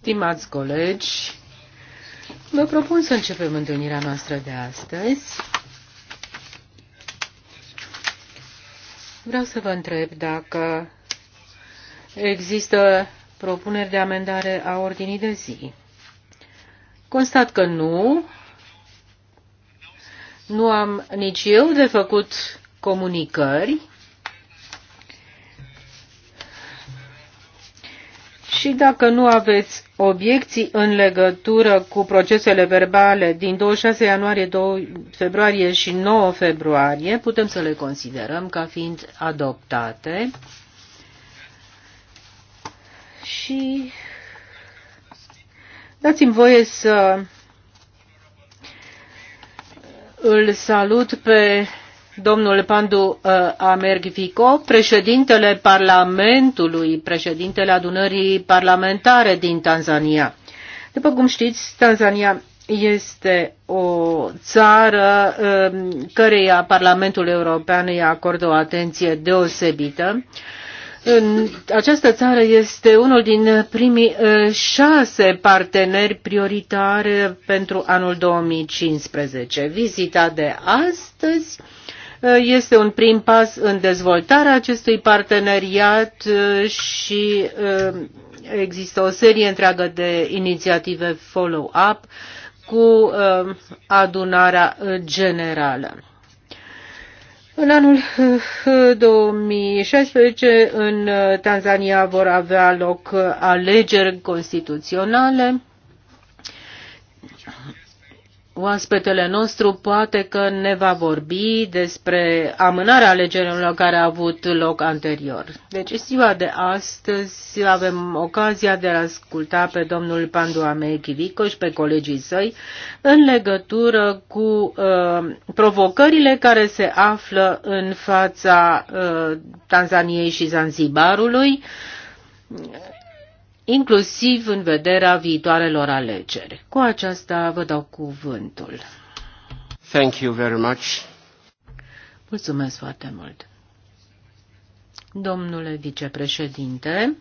Stimați colegi, vă propun să începem întâlnirea noastră de astăzi. Vreau să vă întreb dacă există propuneri de amendare a ordinii de zi. Constat că nu. Nu am nici eu de făcut comunicări. Și dacă nu aveți obiecții în legătură cu procesele verbale din 26 ianuarie, 2 februarie și 9 februarie, putem să le considerăm ca fiind adoptate. Și dați-mi voie să îl salut pe domnul Pandu uh, Amergvico, președintele Parlamentului, președintele adunării parlamentare din Tanzania. După cum știți, Tanzania este o țară um, căreia Parlamentul European îi acordă o atenție deosebită. Această țară este unul din primii uh, șase parteneri prioritare pentru anul 2015. Vizita de astăzi Eh, este un prim pas în dezvoltarea acestui parteneriat eh, și eh, există o serie întreagă de inițiative follow-up cu adunarea generală. În anul 2016 în Tanzania vor avea loc alegeri constituționale oaspetele nostru poate că ne va vorbi despre amânarea alegerilor care a avut loc anterior. Deci ziua de astăzi avem ocazia de a asculta pe domnul Pandu Amechivico și pe colegii săi în legătură cu uh, provocările care se află în fața uh, Tanzaniei și Zanzibarului inclusiv în vederea viitoarelor alegeri. Cu aceasta vă dau cuvântul. Thank you very much. Mulțumesc foarte mult. Domnule vicepreședinte,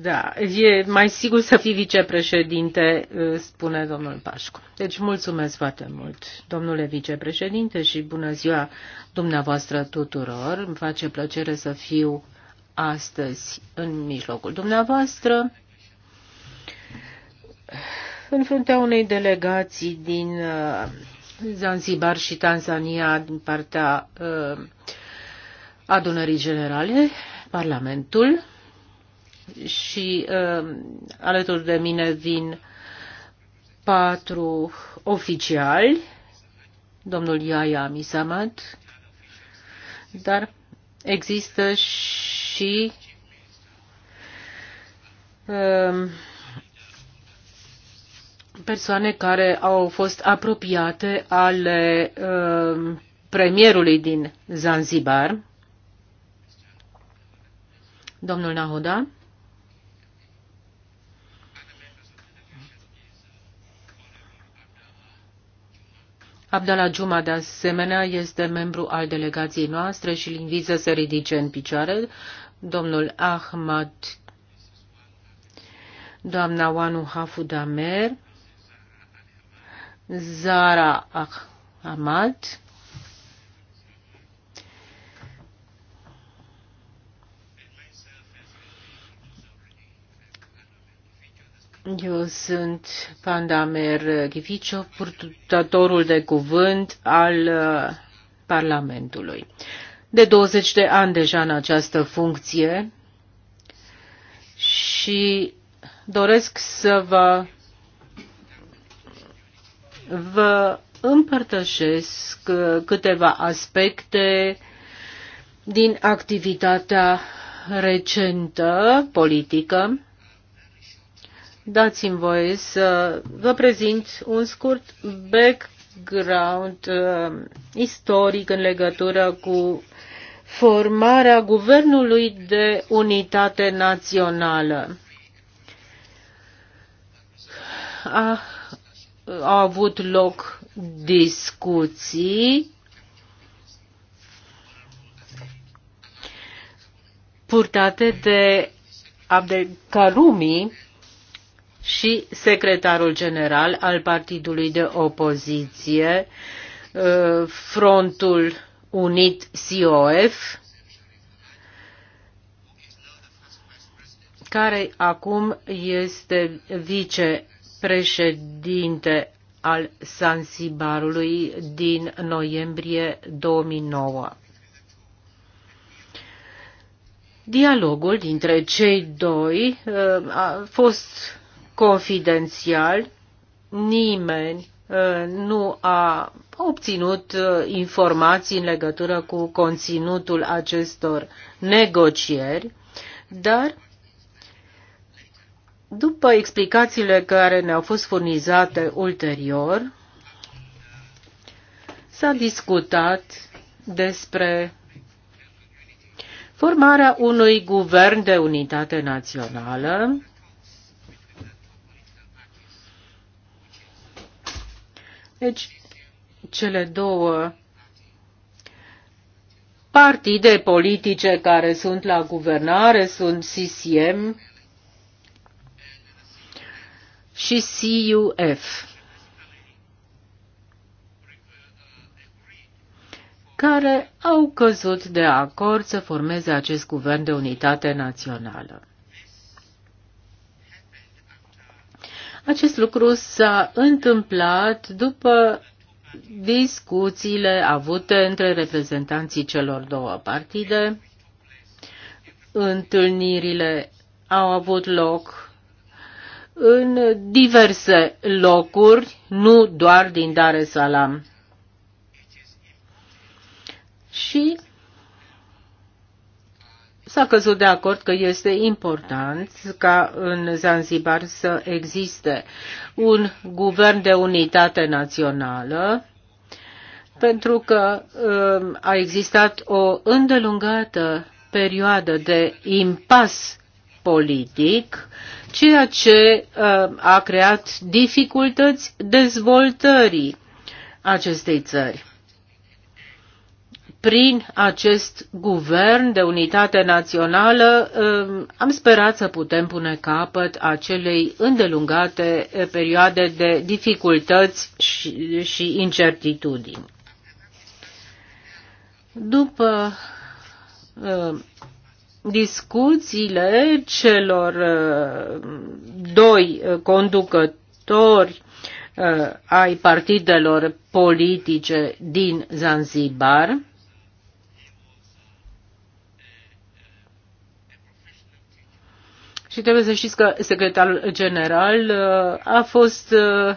Da, e mai sigur să fii vicepreședinte, uh, spune domnul Pașcu. Deci mulțumesc foarte mult, domnule vicepreședinte, și bună ziua dumneavoastră tuturor. Îmi face plăcere să fiu astăzi în mijlocul dumneavoastră în fruntea unei delegații din uh, Zanzibar și Tanzania din partea uh, adunării generale, Parlamentul și um, alături de mine vin patru oficiali, domnul Iaia Misamat, dar există și um, persoane care au fost apropiate ale um, premierului din Zanzibar, domnul Nahoda. Abdala Juma, de asemenea, este membru al delegației noastre și îl invit să ridice în picioare domnul Ahmad, doamna Wanu Hafudamer, Zara Ahmad, Eu sunt Pandamer Ghivicio, purtătorul de cuvânt al uh, Parlamentului. De 20 de ani deja în această funcție și doresc să vă, vă împărtășesc uh, câteva aspecte din activitatea recentă politică dați-mi voie să vă prezint un scurt background uh, istoric în legătură cu formarea Guvernului de Unitate Națională. A, au avut loc discuții purtate de Abdelkarumi, și secretarul general al partidului de opoziție, uh, Frontul Unit COF, care acum este vicepreședinte al Sansibarului din noiembrie 2009. Dialogul dintre cei doi uh, a fost confidențial, nimeni uh, nu a obținut uh, informații în legătură cu conținutul acestor negocieri, dar după explicațiile care ne-au fost furnizate ulterior, s-a discutat despre formarea unui guvern de unitate națională Deci, cele două partide politice care sunt la guvernare sunt CCM și CUF, care au căzut de acord să formeze acest guvern de unitate națională. Acest lucru s-a întâmplat după discuțiile avute între reprezentanții celor două partide. Întâlnirile au avut loc în diverse locuri, nu doar din Dar es Salaam. Și S-a căzut de acord că este important ca în Zanzibar să existe un guvern de unitate națională, pentru că um, a existat o îndelungată perioadă de impas politic, ceea ce um, a creat dificultăți dezvoltării acestei țări prin acest guvern de unitate națională um, am sperat să putem pune capăt acelei îndelungate eh, perioade de dificultăți și, incertitudini. După um, discuțiile celor um, doi eh, conducători eh, ai partidelor politice din Zanzibar, Și trebuie să știți că secretarul general uh, a fost uh,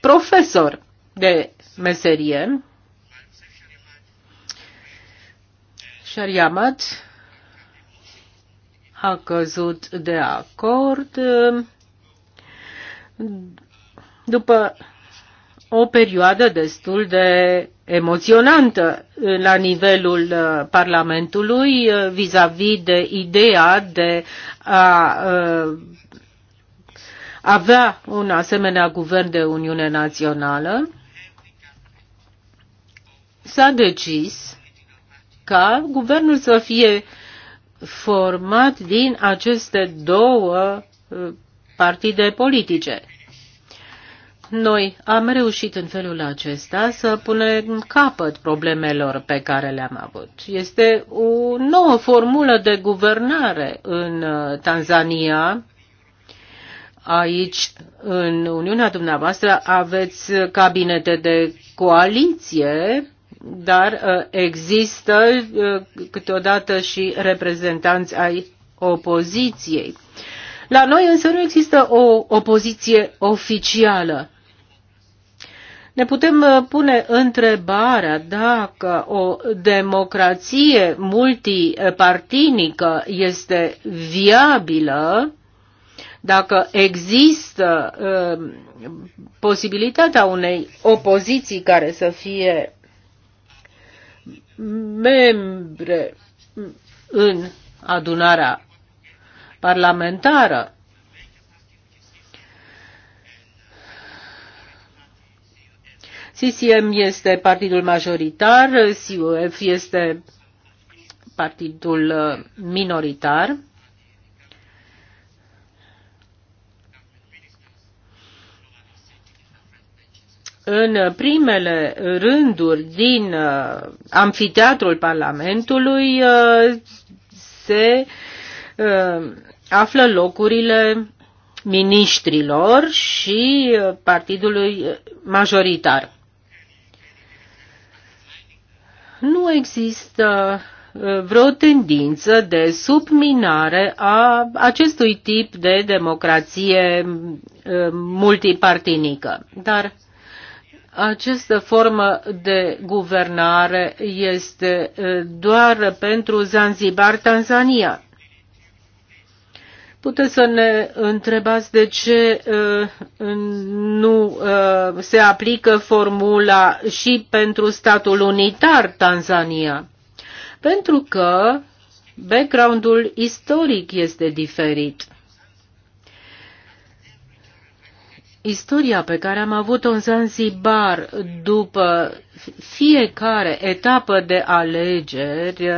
profesor de meserie. Shariamat a căzut de acord uh, după o perioadă destul de emoționantă la nivelul uh, Parlamentului uh, vis-a-vis -vis de ideea de a uh, avea un asemenea guvern de Uniune Națională, s-a decis ca guvernul să fie format din aceste două partide politice. Noi am reușit în felul acesta să punem capăt problemelor pe care le-am avut. Este o nouă formulă de guvernare în uh, Tanzania. Aici, în Uniunea dumneavoastră, aveți cabinete de coaliție, dar uh, există uh, câteodată și reprezentanți ai opoziției. La noi însă nu există o opoziție oficială. Ne putem uh, pune întrebarea dacă o democrație multipartinică este viabilă, dacă există uh, posibilitatea unei opoziții care să fie membre în adunarea parlamentară. CCM este partidul majoritar, CUF este partidul uh, minoritar. În primele rânduri din uh, amfiteatrul Parlamentului uh, se află locurile miniștrilor și partidului majoritar nu există vreo tendință de subminare a acestui tip de democrație multipartinică. Dar această formă de guvernare este doar pentru Zanzibar, Tanzania. Puteți să ne întrebați de ce uh, nu uh, se aplică formula și pentru statul unitar Tanzania. Pentru că backgroundul istoric este diferit. Istoria pe care am avut-o în Zanzibar după fiecare etapă de alegeri, uh,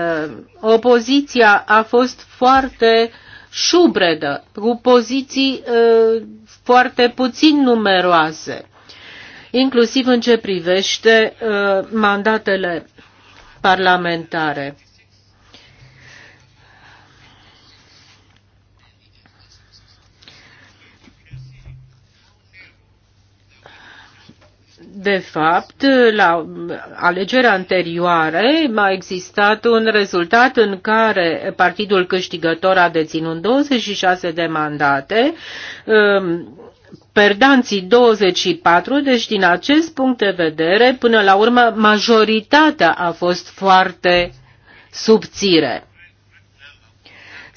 opoziția a fost foarte uh, șubredă, cu poziții uh, foarte puțin numeroase, inclusiv în ce privește uh, mandatele parlamentare. De fapt, la alegerea anterioare a existat un rezultat în care partidul câștigător a deținut 26 de mandate, um, perdanții 24, deci din acest punct de vedere, până la urmă, majoritatea a fost foarte subțire.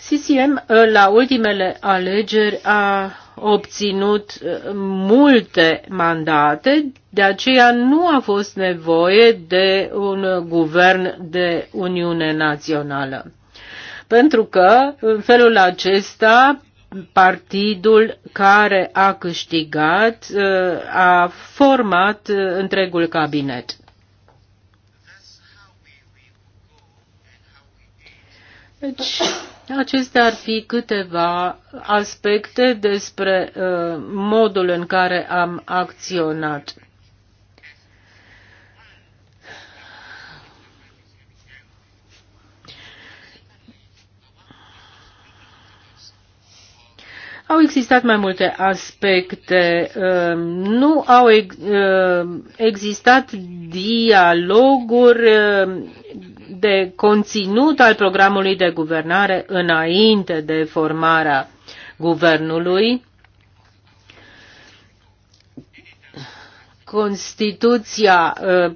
CCM la ultimele alegeri a obținut uh, multe mandate, de aceea nu a fost nevoie de un guvern de Uniune Națională. Pentru că, în felul acesta, partidul care a câștigat uh, a format uh, întregul cabinet. Deci, Acestea ar fi câteva aspecte despre uh, modul în care am acționat. Au existat mai multe aspecte. Uh, nu au uh, existat dialoguri uh, de conținut al programului de guvernare înainte de formarea guvernului. Constituția ă,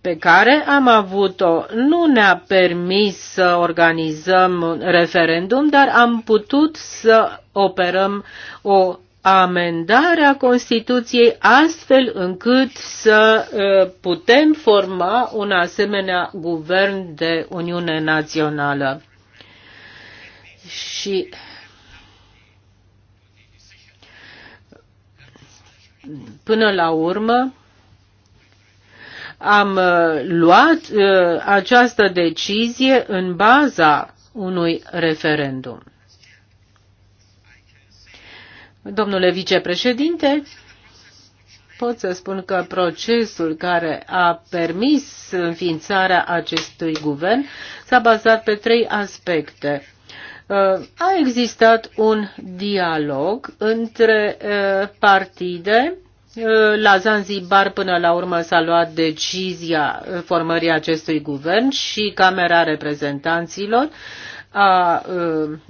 pe care am avut-o nu ne-a permis să organizăm referendum, dar am putut să operăm o amendarea Constituției astfel încât să putem forma un asemenea guvern de Uniune Națională. Și până la urmă am luat această decizie în baza unui referendum. Domnule vicepreședinte, pot să spun că procesul care a permis înființarea acestui guvern s-a bazat pe trei aspecte. Uh, a existat un dialog între uh, partide. Uh, la Zanzibar până la urmă s-a luat decizia formării acestui guvern și Camera Reprezentanților a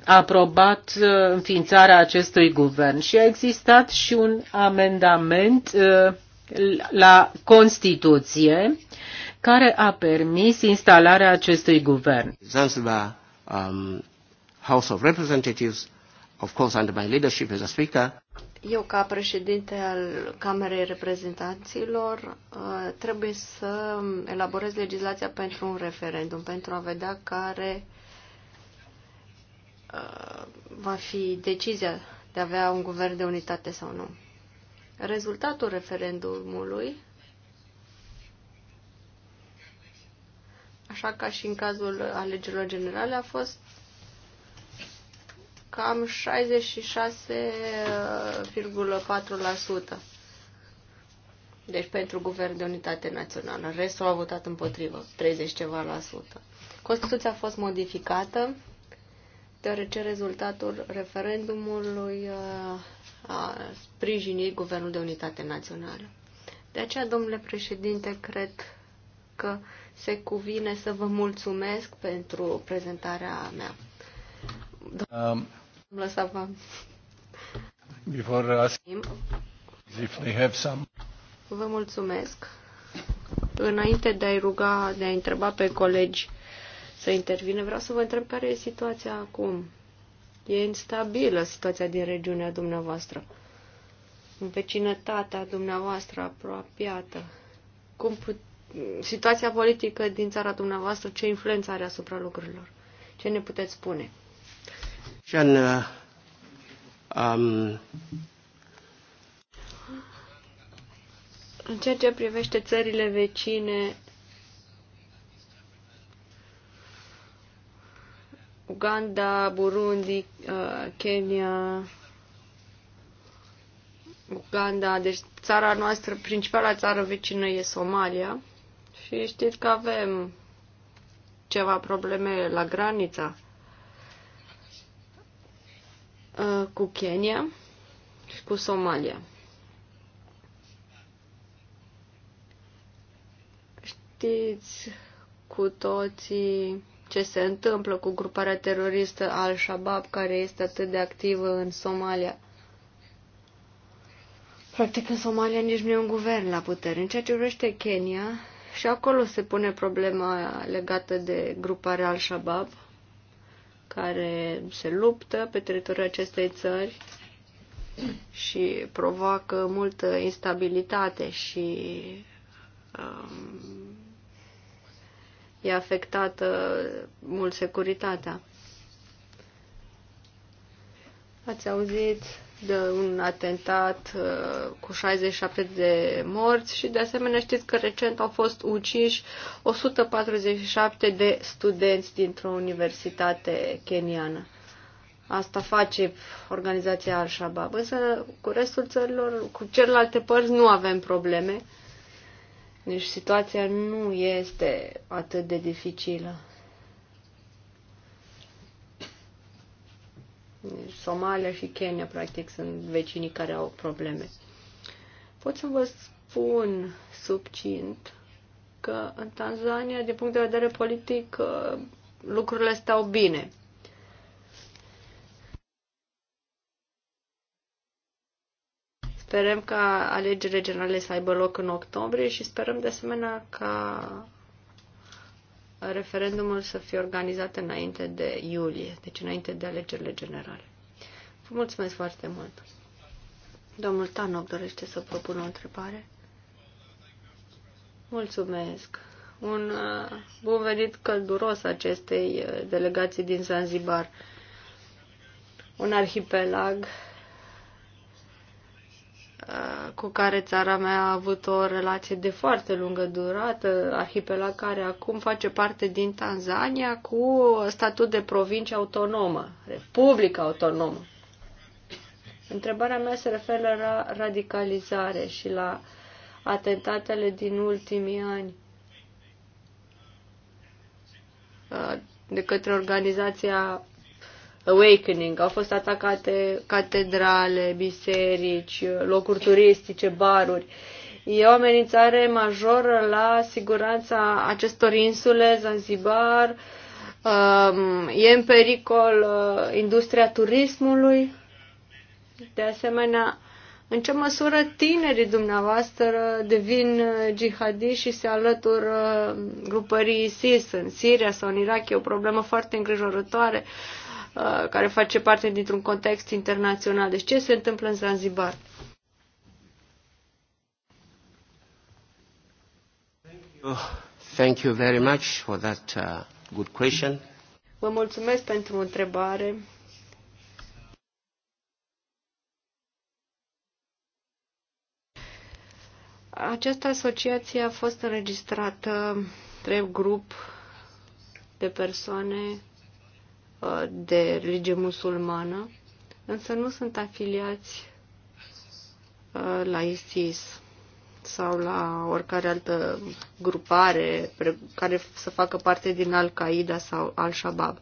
aprobat înființarea acestui guvern și a existat și un amendament la Constituție care a permis instalarea acestui guvern. Zanzibar um, House of Representatives, of course under my leadership as a speaker. Eu ca președinte al Camerei Reprezentanților uh, trebuie să elaborez legislația pentru un referendum, pentru a vedea care va fi decizia de a avea un guvern de unitate sau nu. Rezultatul referendumului, așa ca și în cazul alegerilor generale, a fost cam 66,4%. Deci pentru guvern de unitate națională. Restul a votat împotrivă, 30 ceva la sută. Constituția a fost modificată deoarece rezultatul referendumului uh, a sprijinit Guvernul de Unitate Națională. De aceea, domnule președinte, cred că se cuvine să vă mulțumesc pentru prezentarea mea. Um, Lăsa-vă. Before asking if they have some... Vă mulțumesc. Înainte de a-i ruga, de a întreba pe colegi să intervine. Vreau să vă întreb care e situația acum. E instabilă situația din regiunea dumneavoastră, în vecinătatea dumneavoastră apropiată. Cum put... Situația politică din țara dumneavoastră, ce influență are asupra lucrurilor? Ce ne puteți spune? Și în, uh, um... În ceea ce privește țările vecine, Uganda, Burundi, uh, Kenya, Uganda, deci țara noastră, principala țară vecină e Somalia și știți că avem ceva probleme la granița uh, cu Kenya și cu Somalia. Știți cu toții ce se întâmplă cu gruparea teroristă Al-Shabaab, care este atât de activă în Somalia. Practic, în Somalia nici nu e un guvern la putere. În ceea ce vrește Kenya, și acolo se pune problema legată de gruparea Al-Shabaab, care se luptă pe teritoriul acestei țări și provoacă multă instabilitate și um, e afectată mult securitatea. Ați auzit de un atentat uh, cu 67 de morți și de asemenea știți că recent au fost uciși 147 de studenți dintr-o universitate keniană. Asta face organizația Al-Shabaab. Însă cu restul țărilor, cu celelalte părți nu avem probleme. Deci situația nu este atât de dificilă. Deci, Somalia și Kenya, practic, sunt vecinii care au probleme. Pot să vă spun subcint că în Tanzania, din punct de vedere politic, lucrurile stau bine. Sperăm ca alegerile generale să aibă loc în octombrie și sperăm de asemenea ca referendumul să fie organizat înainte de iulie, deci înainte de alegerile generale. Vă mulțumesc foarte mult. Domnul Tanoc dorește să propună o întrebare. Mulțumesc. Un uh, bun venit călduros acestei uh, delegații din Zanzibar. Un arhipelag Uh, cu care țara mea a avut o relație de foarte lungă durată, arhipelag care acum face parte din Tanzania cu statut de provincie autonomă, Republica Autonomă. Întrebarea mea se referă la radicalizare și la atentatele din ultimii ani uh, de către organizația Awakening. Au fost atacate catedrale, biserici, locuri turistice, baruri. E o amenințare majoră la siguranța acestor insule, Zanzibar, um, e în pericol uh, industria turismului. De asemenea, în ce măsură tinerii dumneavoastră devin uh, jihadi și se alătură uh, grupării ISIS în Siria sau în Irak? E o problemă foarte îngrijorătoare. Uh, care face parte dintr-un context internațional. Deci ce se întâmplă în Zanzibar? Thank you very much for that uh, good question. Vă mulțumesc pentru întrebare. Această asociație a fost înregistrată trei grup de persoane de religie musulmană, însă nu sunt afiliați uh, la ISIS sau la oricare altă grupare care să facă parte din Al-Qaeda sau Al-Shabaab.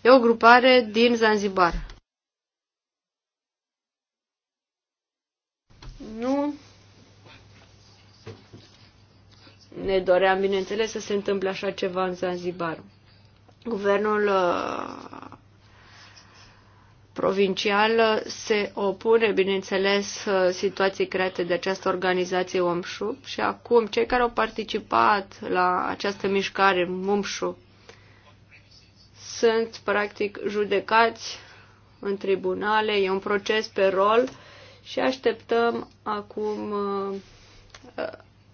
E o grupare din Zanzibar. Nu ne doream, bineînțeles, să se întâmple așa ceva în Zanzibar. Guvernul uh, provincial se opune, bineînțeles, uh, situației create de această organizație Omșu și acum cei care au participat la această mișcare Mumșu sunt practic judecați în tribunale, e un proces pe rol și așteptăm acum uh,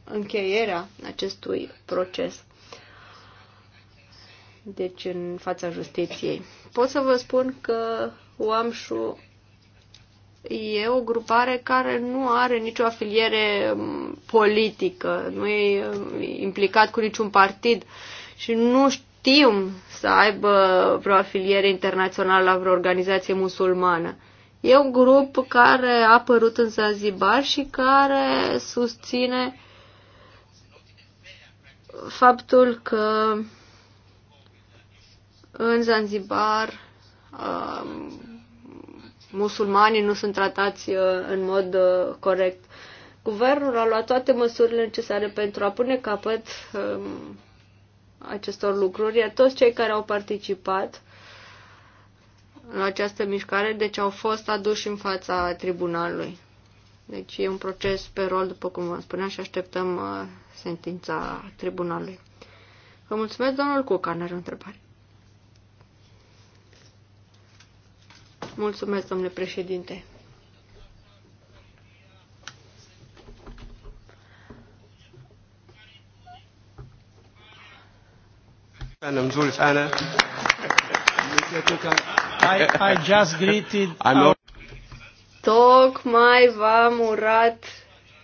încheierea acestui proces deci în fața justiției. Pot să vă spun că Oamșu e o grupare care nu are nicio afiliere mm, politică, nu e mm, implicat cu niciun partid și nu știm să aibă vreo afiliere internațională la vreo organizație musulmană. E un grup care a apărut în Zanzibar și care susține faptul că în Zanzibar, uh, musulmanii nu sunt tratați uh, în mod uh, corect. Guvernul a luat toate măsurile necesare pentru a pune capăt um, acestor lucruri, iar toți cei care au participat la această mișcare, deci au fost aduși în fața tribunalului. Deci e un proces pe rol, după cum vă spuneam, și așteptăm sentința tribunalului. Vă mulțumesc, domnul Cuca, are o întrebare. Mulțumesc, domnule președinte. Madam Zulf Anna. I, I just greeted I'm our... Tocmai v-am urat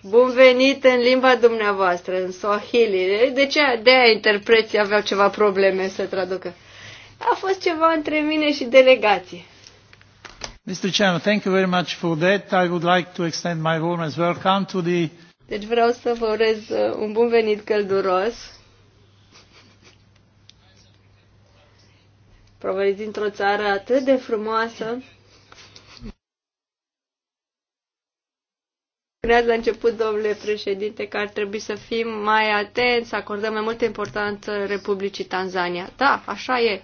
bun venit în limba dumneavoastră, în Swahili. De ce? De aia interpreții aveau ceva probleme să traducă. A fost ceva între mine și delegație. Mr. Chairman, thank you very much for that. I would like to extend my warmest welcome to the... Deci vreau să vă urez uh, un bun venit călduros. Proveniți dintr-o țară atât de frumoasă. Spuneați la început, domnule președinte, că ar trebui să fim mai atenți, să acordăm mai multă importanță Republicii Tanzania. Da, așa e.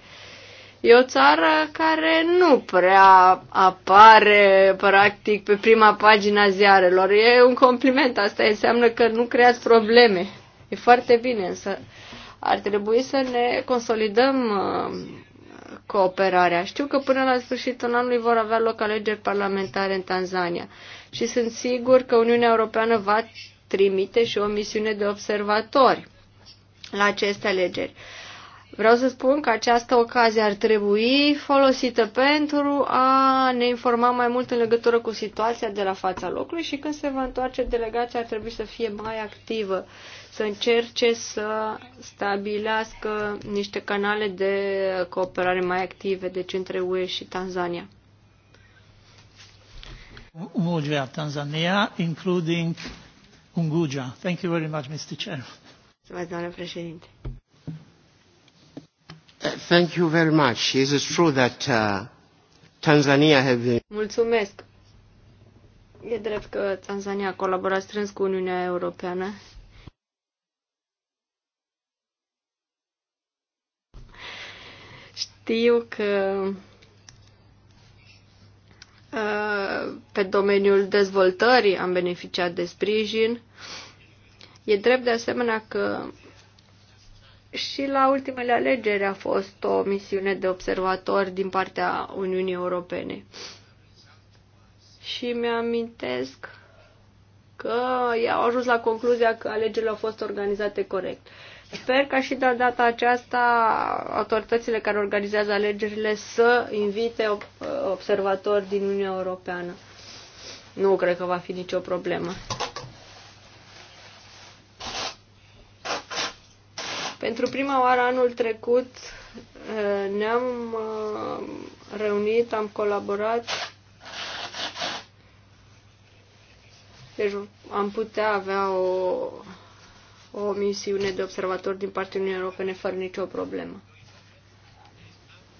E o țară care nu prea apare, practic, pe prima pagina ziarelor. E un compliment, asta înseamnă că nu creați probleme. E foarte bine, însă ar trebui să ne consolidăm uh, cooperarea. Știu că până la sfârșitul anului vor avea loc alegeri parlamentare în Tanzania și sunt sigur că Uniunea Europeană va trimite și o misiune de observatori la aceste alegeri. Vreau să spun că această ocazie ar trebui folosită pentru a ne informa mai mult în legătură cu situația de la fața locului și când se va întoarce delegația ar trebui să fie mai activă, să încerce să stabilească niște canale de cooperare mai active, deci între UE și Tanzania. Umoja Tanzania, including Unguja. Thank you very much, Mr. Chair. Mulțumesc, doamnă președinte thank you very much. It is true that uh, Tanzania has been... Mulțumesc. E drept că Tanzania a colaborat strâns cu Uniunea Europeană. Știu că uh, pe domeniul dezvoltării am beneficiat de sprijin. E drept de asemenea că și la ultimele alegeri a fost o misiune de observator din partea Uniunii Europene. Și mi-amintesc că i-au ajuns la concluzia că alegerile au fost organizate corect. Sper ca și de data aceasta autoritățile care organizează alegerile să invite observatori din Uniunea Europeană. Nu cred că va fi nicio problemă. Pentru prima oară anul trecut eh, ne-am eh, reunit, am colaborat. Deci am putea avea o, o misiune de observator din partea Uniunii Europene fără nicio problemă.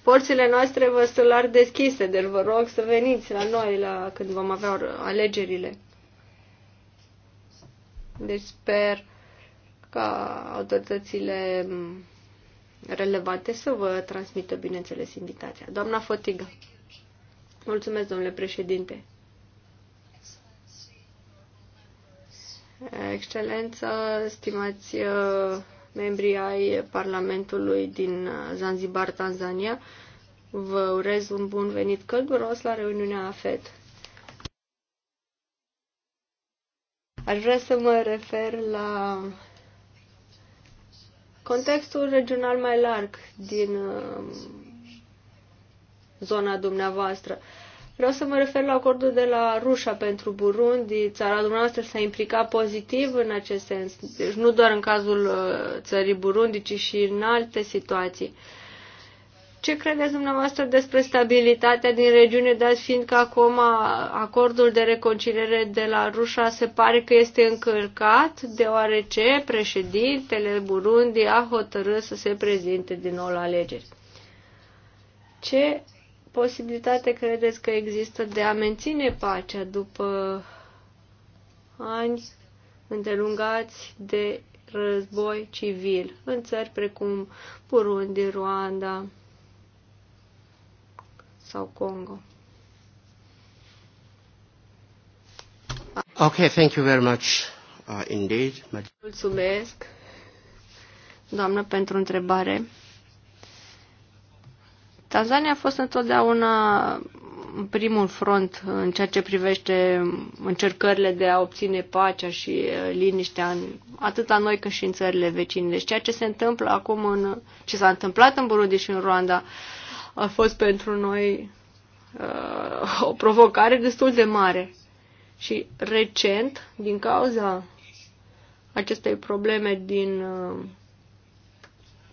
Porțile noastre vă sunt larg deschise, deci vă rog să veniți la noi la când vom avea alegerile. Deci sper ca autoritățile relevante să vă transmită, bineînțeles, invitația. Doamna Fotiga. Mulțumesc, domnule președinte. Excelență, stimați uh, membrii ai Parlamentului din Zanzibar, Tanzania, vă urez un bun venit călduros la reuniunea AFET. Aș vrea să mă refer la contextul regional mai larg din um, zona dumneavoastră. Vreau să mă refer la acordul de la Rușa pentru Burundi. Țara dumneavoastră s-a implicat pozitiv în acest sens, deci nu doar în cazul uh, țării Burundi, ci și în alte situații. Uh, ce credeți dumneavoastră despre stabilitatea din regiune, dat fiind că acum acordul de reconciliere de la Rușa se pare că este încălcat, deoarece președintele Burundi a hotărât să se prezinte din nou la alegeri? Ce posibilitate credeți că există de a menține pacea după ani îndelungați de război civil în țări precum Burundi, Rwanda, sau Congo. Ok, thank you very much uh, indeed. Mulțumesc, doamnă, pentru întrebare. Tanzania a fost întotdeauna în primul front în ceea ce privește încercările de a obține pacea și uh, liniștea în, atât la noi cât și în țările vecine. Deci ceea ce se întâmplă acum în, ce s-a întâmplat în Burundi și în Rwanda a fost pentru noi uh, o provocare destul de mare. Și recent, din cauza acestei probleme din uh,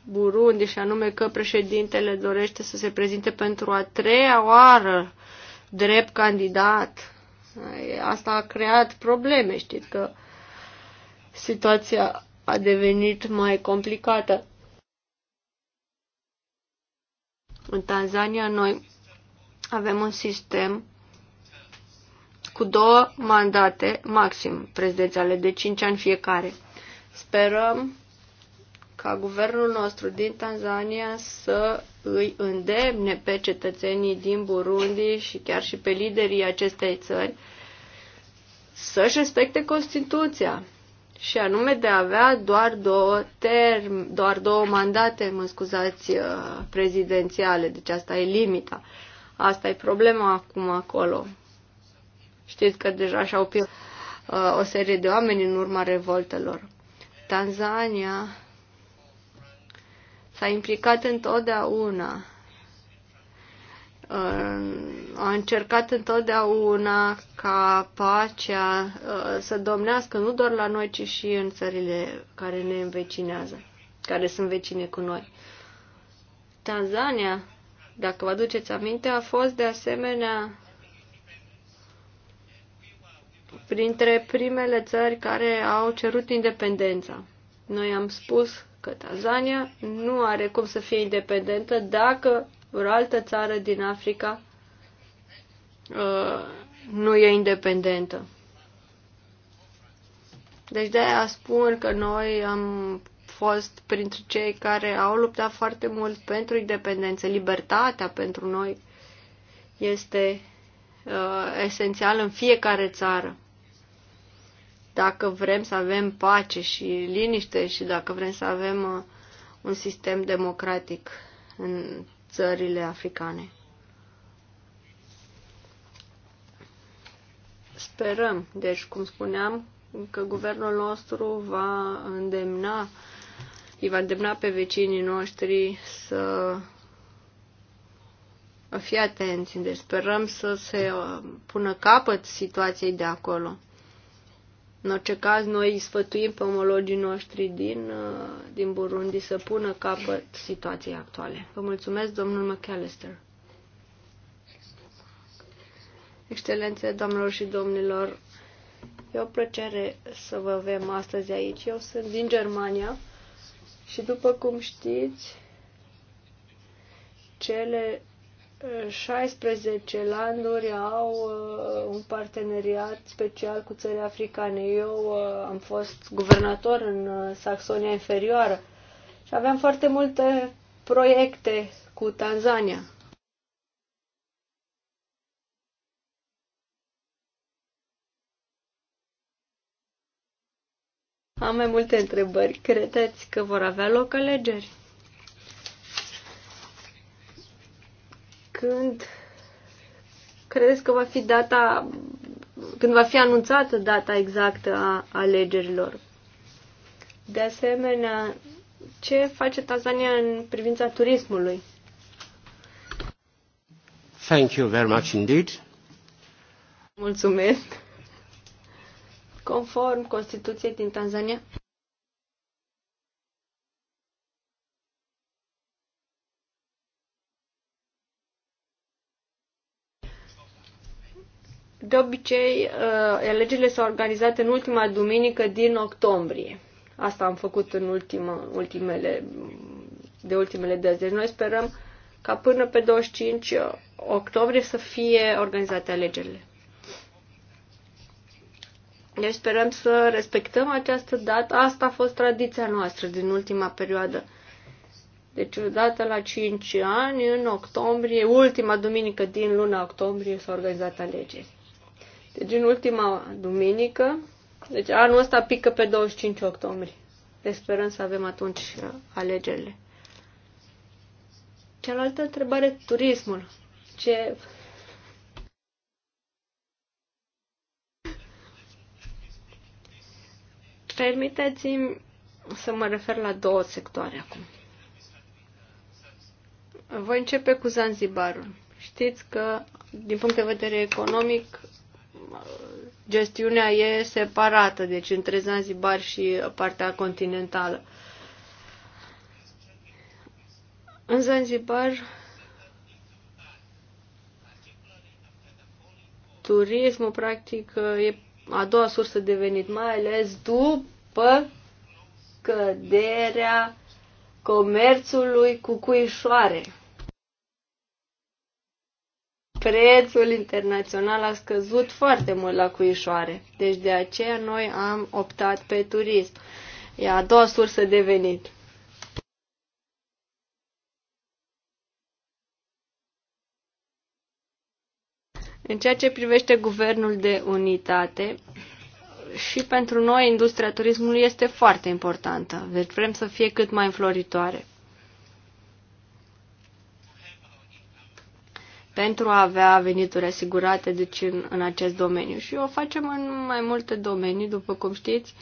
Burundi, și anume că președintele dorește să se prezinte pentru a treia oară drept candidat, asta a creat probleme. Știți că situația a devenit mai complicată. În Tanzania noi avem un sistem cu două mandate maxim prezidențiale de 5 ani fiecare. Sperăm ca guvernul nostru din Tanzania să îi îndemne pe cetățenii din Burundi și chiar și pe liderii acestei țări să-și respecte Constituția și anume de a avea doar două term, doar două mandate, mă scuzați, uh, prezidențiale. Deci asta e limita. Asta e problema acum acolo. Știți că deja și-au pierdut uh, o serie de oameni în urma revoltelor. Tanzania s-a implicat întotdeauna Uh, a încercat întotdeauna ca pacea uh, să domnească nu doar la noi, ci și în țările care ne învecinează, care sunt vecine cu noi. Tanzania, dacă vă aduceți aminte, a fost de asemenea printre primele țări care au cerut independența. Noi am spus că Tanzania nu are cum să fie independentă dacă vreo altă țară din Africa uh, nu e independentă. Deci de aia spun că noi am fost printre cei care au luptat foarte mult pentru independență. Libertatea pentru noi este uh, esențial în fiecare țară. Dacă vrem să avem pace și liniște și dacă vrem să avem uh, un sistem democratic în țările africane. Sperăm, deci, cum spuneam, că guvernul nostru va îndemna, îi va îndemna pe vecinii noștri să fie atenți. Deci sperăm să se uh, pună capăt situației de acolo. În orice caz, noi sfătuim pe omologii noștri din, uh, din Burundi să pună capăt situației actuale. Vă mulțumesc, domnul McAllister. Excelențe, doamnelor și domnilor, e o plăcere să vă avem astăzi aici. Eu sunt din Germania și, după cum știți, cele 16 landuri au uh, un parteneriat special cu țări africane. Eu uh, am fost guvernator în uh, Saxonia Inferioară și aveam foarte multe proiecte cu Tanzania. Am mai multe întrebări. Credeți că vor avea loc alegeri? Când credeți că va fi data, când va fi anunțată data exactă a alegerilor? De asemenea, ce face Tanzania în privința turismului? Thank you very much indeed. Mulțumesc. Conform Constituției din Tanzania, De obicei, uh, alegerile s-au organizat în ultima duminică din octombrie. Asta am făcut în ultima, ultimele, de ultimele dăzi. Deci noi sperăm ca până pe 25 uh, octombrie să fie organizate alegerile. Deci sperăm să respectăm această dată. Asta a fost tradiția noastră din ultima perioadă. Deci odată la 5 ani, în octombrie, ultima duminică din luna octombrie, s-au organizat alegeri. Deci în ultima duminică, deci anul ăsta pică pe 25 octombrie. Deci sperăm să avem atunci uh, alegerile. Cealaltă întrebare, turismul. Ce... Permiteți-mi să mă refer la două sectoare acum. Voi începe cu Zanzibarul. Știți că, din punct de vedere economic, gestiunea e separată, deci între Zanzibar și partea continentală. În Zanzibar, turismul, practic, e a doua sursă de venit, mai ales după căderea comerțului cu cuișoare prețul internațional a scăzut foarte mult la cuișoare. Deci de aceea noi am optat pe turism. E a doua sursă de venit. În ceea ce privește guvernul de unitate, și pentru noi industria turismului este foarte importantă. Deci vrem să fie cât mai înfloritoare. pentru a avea venituri asigurate deci în, în acest domeniu. Și o facem în mai multe domenii, după cum știți.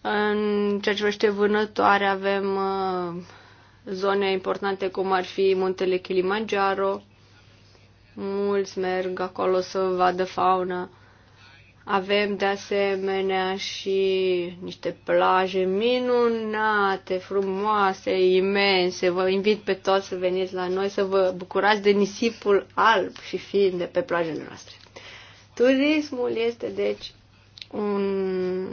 În ceea ce privește vânătoare avem uh, zone importante cum ar fi muntele Kilimanjaro. Mulți merg acolo să vadă fauna. Avem de asemenea și niște plaje minunate, frumoase, imense. Vă invit pe toți să veniți la noi să vă bucurați de nisipul alb și fiind de pe plajele noastre. Turismul este deci un...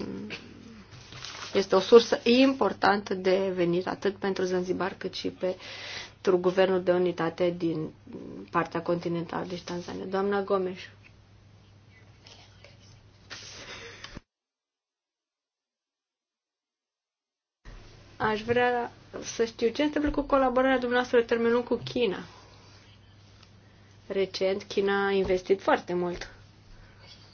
este o sursă importantă de venit atât pentru Zanzibar cât și pentru guvernul de unitate din partea continentală, deci Tanzania. Doamna Gomes. Aș vrea să știu ce întâmplă cu colaborarea dumneavoastră termen lung cu China. Recent, China a investit foarte mult.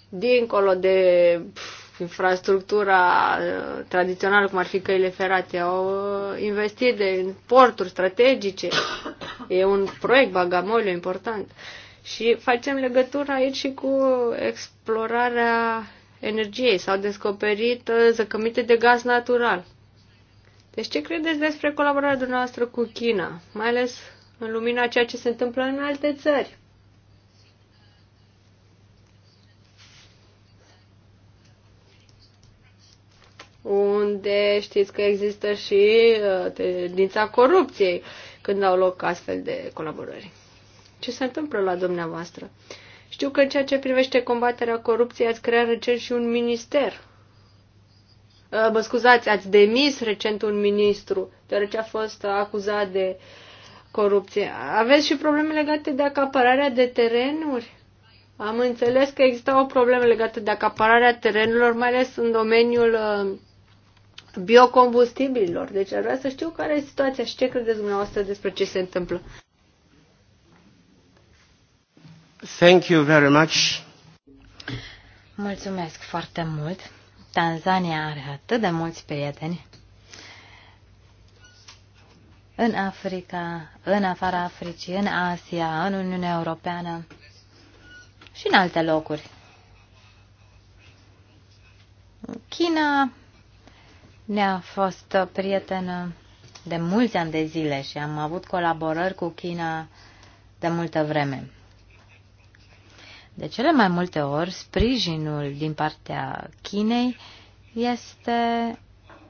Dincolo de pf, infrastructura uh, tradițională, cum ar fi căile ferate, au uh, investit de, în porturi strategice. E un proiect bagamoliu important. Și facem legătura aici și cu explorarea energiei. S-au descoperit uh, zăcăminte de gaz natural. Deci ce credeți despre colaborarea dumneavoastră cu China, mai ales în lumina ceea ce se întâmplă în alte țări? unde știți că există și uh, tendința corupției când au loc astfel de colaborări. Ce se întâmplă la dumneavoastră? Știu că în ceea ce privește combaterea corupției ați creat recent și un minister Uh, mă scuzați, ați demis recent un ministru, deoarece a fost acuzat de corupție. Aveți și probleme legate de acapararea de terenuri? Am înțeles că există o problemă legată de acapararea terenurilor, mai ales în domeniul uh, biocombustibililor. Deci ar vrea să știu care e situația și ce credeți dumneavoastră despre ce se întâmplă. Thank you very much. Mulțumesc foarte mult. Tanzania are atât de mulți prieteni. În Africa, în afara Africii, în Asia, în Uniunea Europeană și în alte locuri. China ne-a fost prietenă de mulți ani de zile și am avut colaborări cu China de multă vreme. De cele mai multe ori, sprijinul din partea Chinei este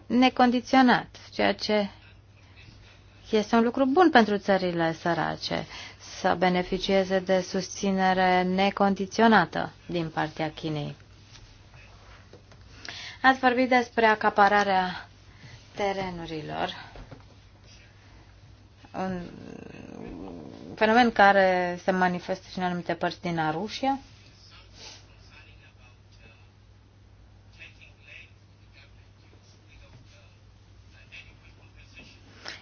necondiționat, ceea ce este un lucru bun pentru țările sărace să beneficieze de susținere necondiționată din partea Chinei. Ați vorbit despre acapararea terenurilor, un fenomen care se manifestă și în anumite părți din Rusia.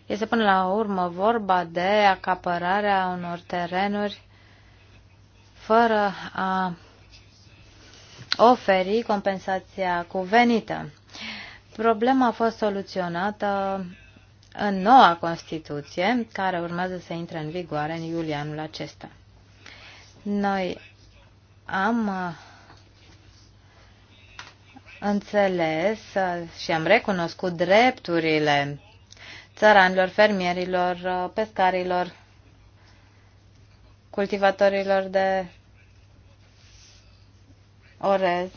Este până la urmă vorba de acapărarea unor terenuri fără a oferi compensația cuvenită. Problema a fost soluționată în noua Constituție, care urmează să intre în vigoare în iulie anul acesta. Noi am uh, înțeles uh, și am recunoscut drepturile țăranilor, fermierilor, uh, pescarilor, cultivatorilor de orez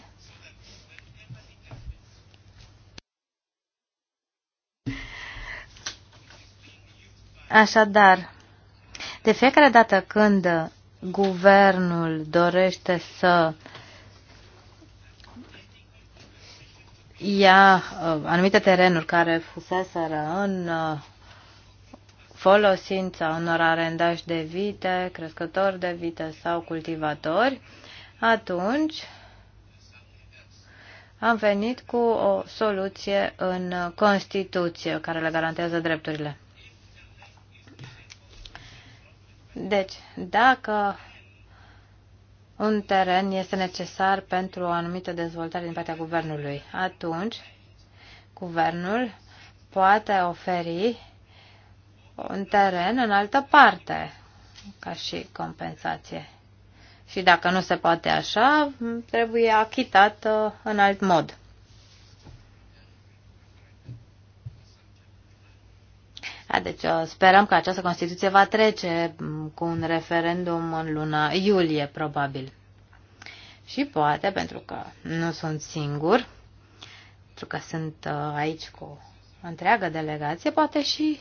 Așadar, de fiecare dată când guvernul dorește să ia uh, anumite terenuri care fuseseră în uh, folosința unor arendași de vite, crescători de vite sau cultivatori, atunci am venit cu o soluție în Constituție care le garantează drepturile. Deci, dacă un teren este necesar pentru o anumită dezvoltare din partea guvernului, atunci guvernul poate oferi un teren în altă parte ca și compensație. Și dacă nu se poate așa, trebuie achitat uh, în alt mod. Da, deci uh, sperăm că această Constituție va trece cu un referendum în luna iulie, probabil. Și poate, pentru că nu sunt singur, pentru că sunt uh, aici cu o întreagă delegație, poate și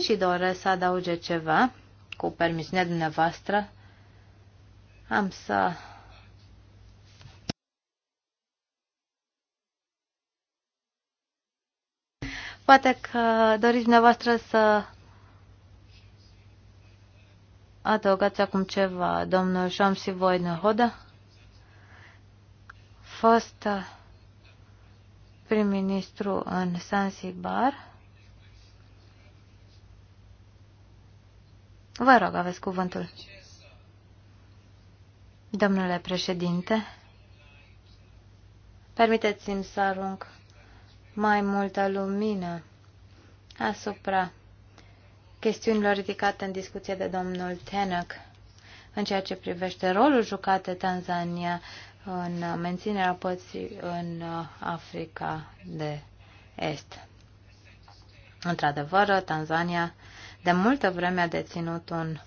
și doresc să adauge ceva, cu permisiunea dumneavoastră, am să Poate că doriți dumneavoastră să adăugați acum ceva, domnul Shamsi Voinehoda, fost uh, prim-ministru în Sansibar. Vă rog, aveți cuvântul. Domnule președinte, permiteți-mi să arunc mai multă lumină asupra chestiunilor ridicate în discuție de domnul Tenac în ceea ce privește rolul jucat de Tanzania în menținerea pății în Africa de Est. Într-adevăr, Tanzania de multă vreme a deținut un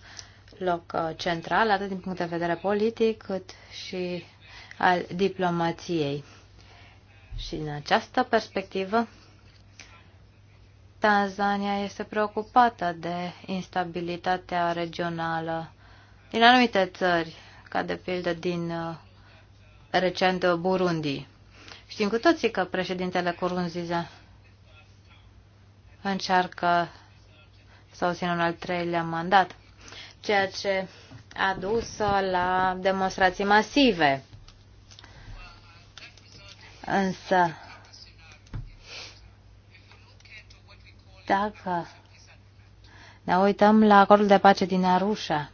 loc central, atât din punct de vedere politic, cât și al diplomației. Și în această perspectivă, Tanzania este preocupată de instabilitatea regională din anumite țări, ca de pildă din uh, recent Burundi. Știm cu toții că președintele Curunziza încearcă să țină un al treilea mandat, ceea ce a dus la demonstrații masive Însă, dacă ne uităm la acordul de pace din Arușa,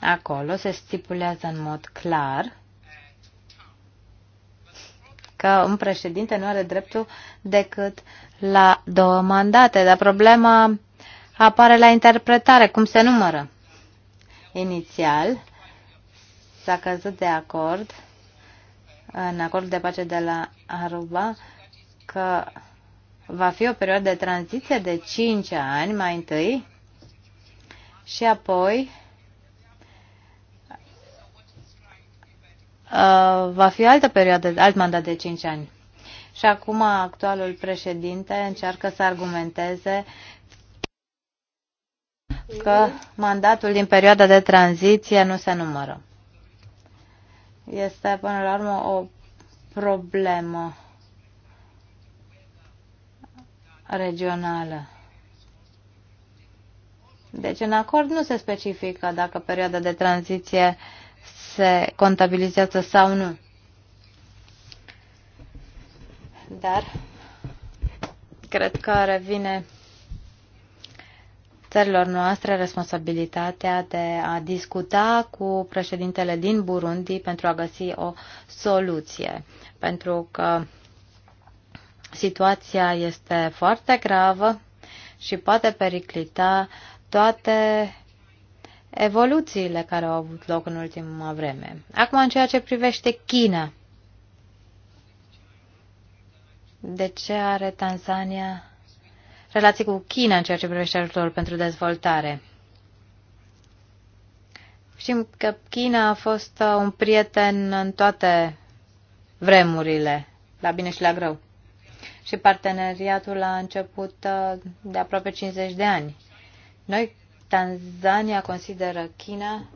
acolo se stipulează în mod clar că un președinte nu are dreptul decât la două mandate, dar problema apare la interpretare, cum se numără. Inițial s-a căzut de acord în acordul de pace de la Aruba că va fi o perioadă de tranziție de 5 ani mai întâi și apoi uh, va fi altă perioadă, alt mandat de 5 ani. Și acum actualul președinte încearcă să argumenteze că mandatul din perioada de tranziție nu se numără este până la urmă o problemă regională. Deci în acord nu se specifică dacă perioada de tranziție se contabilizează sau nu. Dar cred că revine țărilor noastre responsabilitatea de a discuta cu președintele din Burundi pentru a găsi o soluție. Pentru că situația este foarte gravă și poate periclita toate evoluțiile care au avut loc în ultima vreme. Acum, în ceea ce privește China, de ce are Tanzania relații cu China în ceea ce privește ajutorul pentru dezvoltare. Știm că China a fost uh, un prieten în toate vremurile, la bine și la greu. Și parteneriatul a început uh, de aproape 50 de ani. Noi, Tanzania, consideră China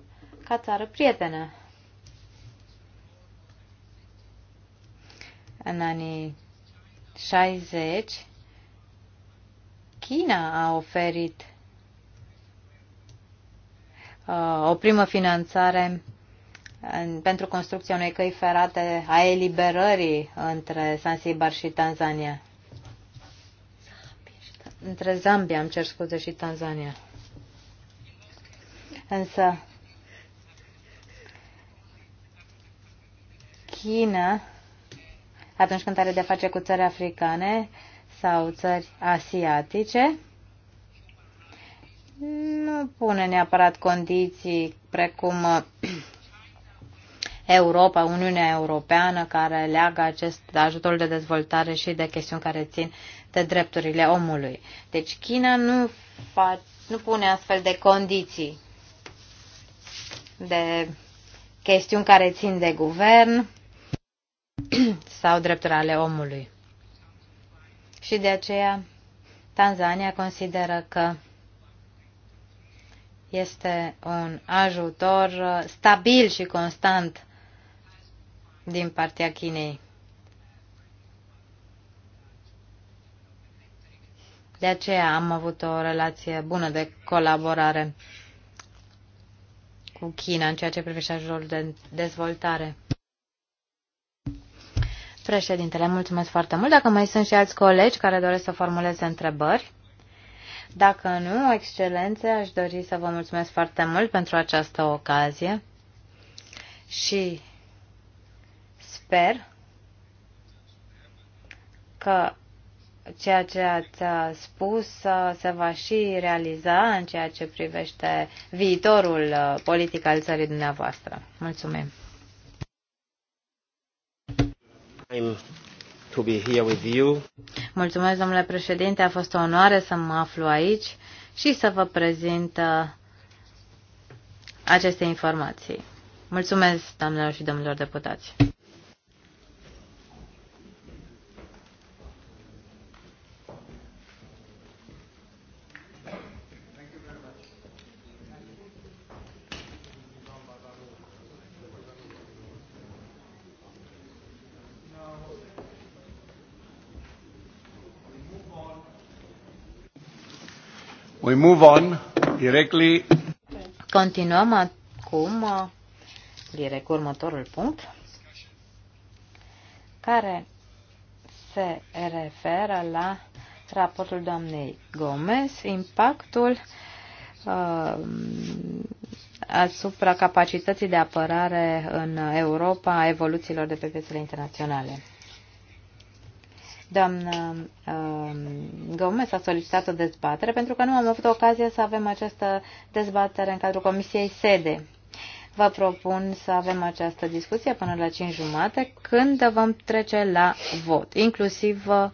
ca țară prietenă. În anii 60, China a oferit uh, o primă finanțare pentru construcția unei căi ferate a eliberării între Zanzibar și Tanzania. Între Zambia, îmi cer scuze, și Tanzania. Însă, China, atunci când are de face cu țări africane, sau țări asiatice, nu pune neapărat condiții precum Europa, Uniunea Europeană, care leagă acest ajutor de dezvoltare și de chestiuni care țin de drepturile omului. Deci China nu, fa- nu pune astfel de condiții de chestiuni care țin de guvern sau drepturile ale omului. Și de aceea Tanzania consideră că este un ajutor uh, stabil și constant din partea Chinei. De aceea am avut o relație bună de colaborare cu China în ceea ce privește ajutorul de dezvoltare. Președintele, mulțumesc foarte mult. Dacă mai sunt și alți colegi care doresc să formuleze întrebări, dacă nu, excelențe, aș dori să vă mulțumesc foarte mult pentru această ocazie și sper că ceea ce ați spus se va și realiza în ceea ce privește viitorul politic al țării dumneavoastră. Mulțumim! To be here with you. Mulțumesc, domnule președinte, a fost o onoare să mă aflu aici și să vă prezint uh, aceste informații. Mulțumesc, doamnelor și domnilor deputați. We move on directly. Continuăm acum direct cu următorul punct care se referă la raportul doamnei Gomez, impactul uh, asupra capacității de apărare în Europa a evoluțiilor de pe piețele internaționale doamnă um, Gomez a solicitat o dezbatere pentru că nu am avut ocazia să avem această dezbatere în cadrul Comisiei Sede. Vă propun să avem această discuție până la 5 jumate, când vom trece la vot, inclusiv uh,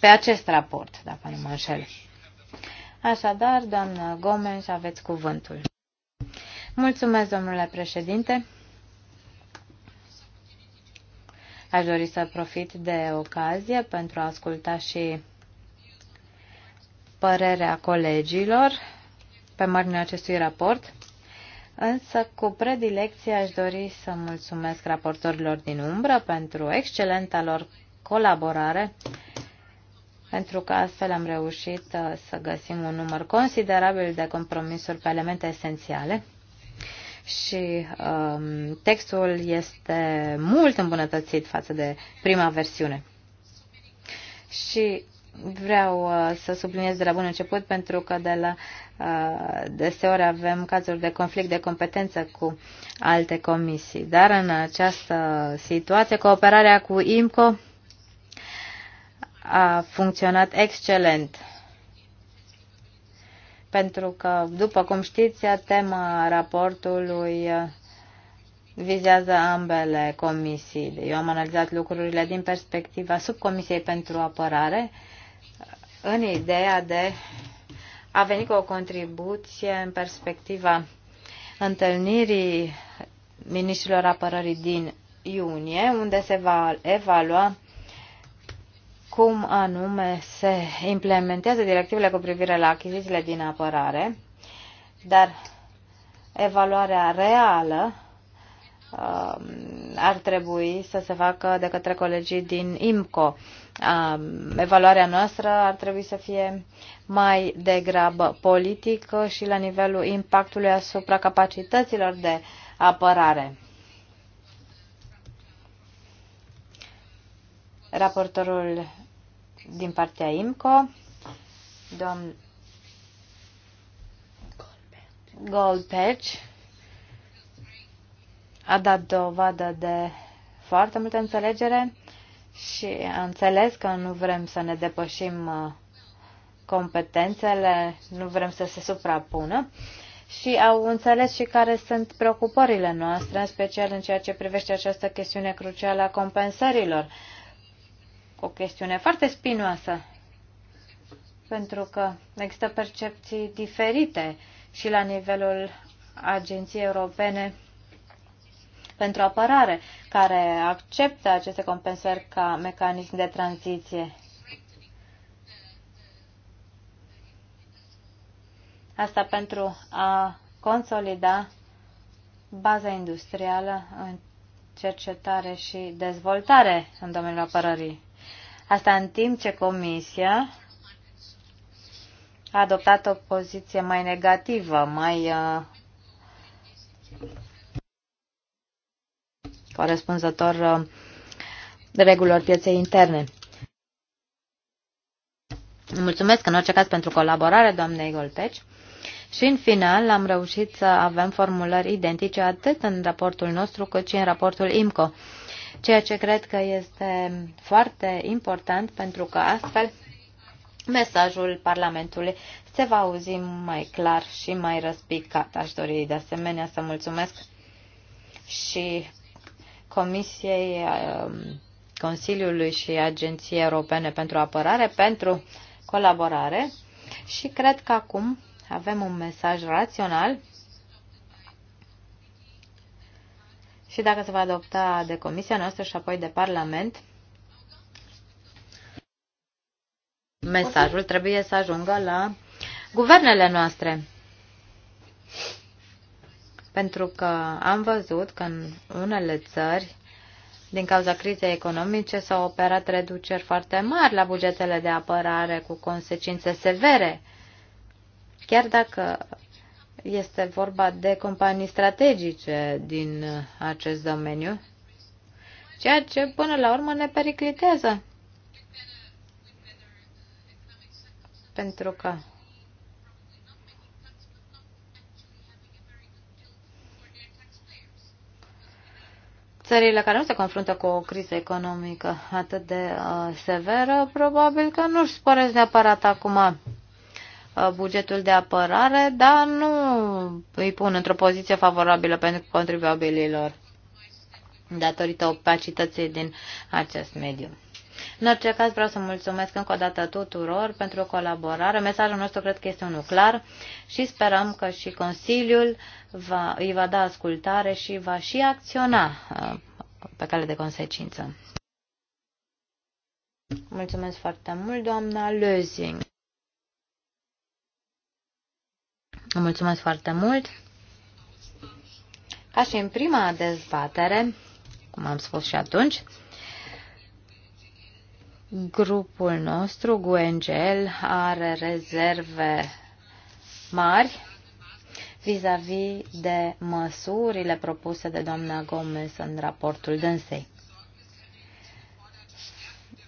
pe acest raport, dacă nu mă înșel. Așadar, doamnă Gomes, aveți cuvântul. Mulțumesc, domnule președinte. Aș dori să profit de ocazie pentru a asculta și părerea colegilor pe marginea acestui raport, însă cu predilecție aș dori să mulțumesc raportorilor din umbră pentru excelenta lor colaborare, pentru că astfel am reușit uh, să găsim un număr considerabil de compromisuri pe elemente esențiale și um, textul este mult îmbunătățit față de prima versiune. Și vreau uh, să subliniez de la bun început pentru că de la uh, deseori avem cazuri de conflict de competență cu alte comisii. Dar în această situație, cooperarea cu IMCO a funcționat excelent pentru că, după cum știți, tema raportului uh, vizează ambele comisii. Eu am analizat lucrurile din perspectiva subcomisiei pentru apărare în ideea de a veni cu o contribuție în perspectiva întâlnirii ministrilor apărării din iunie, unde se va evalua cum anume se implementează directivele cu privire la achizițiile din apărare, dar evaluarea reală um, ar trebui să se facă de către colegii din IMCO. Um, evaluarea noastră ar trebui să fie mai degrabă politică și la nivelul impactului asupra capacităților de apărare. Raportorul din partea IMCO, domn Goldpatch a dat dovadă de foarte multă înțelegere și a înțeles că nu vrem să ne depășim uh, competențele, nu vrem să se suprapună și au înțeles și care sunt preocupările noastre, în special în ceea ce privește această chestiune crucială a compensărilor o chestiune foarte spinoasă, pentru că există percepții diferite și la nivelul Agenției Europene pentru Apărare, care acceptă aceste compensări ca mecanism de tranziție. Asta pentru a consolida baza industrială în cercetare și dezvoltare în domeniul apărării. Asta în timp ce Comisia a adoptat o poziție mai negativă, mai uh, corespunzător uh, regulilor pieței interne. Mulțumesc în orice caz pentru colaborare, doamnei Golpeci. Și în final am reușit să avem formulări identice atât în raportul nostru cât și în raportul IMCO ceea ce cred că este foarte important pentru că astfel mesajul Parlamentului se va auzi mai clar și mai răspicat. Aș dori de asemenea să mulțumesc și Comisiei, um, Consiliului și Agenției Europene pentru Apărare pentru colaborare și cred că acum avem un mesaj rațional și dacă se va adopta de Comisia noastră și apoi de Parlament, mesajul trebuie să ajungă la guvernele noastre. Pentru că am văzut că în unele țări, din cauza crizei economice, s-au operat reduceri foarte mari la bugetele de apărare cu consecințe severe. Chiar dacă este vorba de companii strategice din acest domeniu, ceea ce până la urmă ne periclitează. Pentru că țările care nu se confruntă cu o criză economică atât de uh, severă, probabil că nu-și sporesc neapărat acum Uh, bugetul de apărare, dar nu îi pun într-o poziție favorabilă pentru contribuabililor datorită opacității din acest mediu. În orice caz vreau să mulțumesc încă o dată tuturor pentru colaborare. Mesajul nostru cred că este unul clar și sperăm că și Consiliul va, îi va da ascultare și va și acționa uh, pe cale de consecință. Mulțumesc foarte mult, doamna Lözing. Mulțumesc foarte mult! Ca și în prima dezbatere, cum am spus și atunci, grupul nostru, Guengel, are rezerve mari vis-a-vis -vis de măsurile propuse de doamna Gomez în raportul dânsei.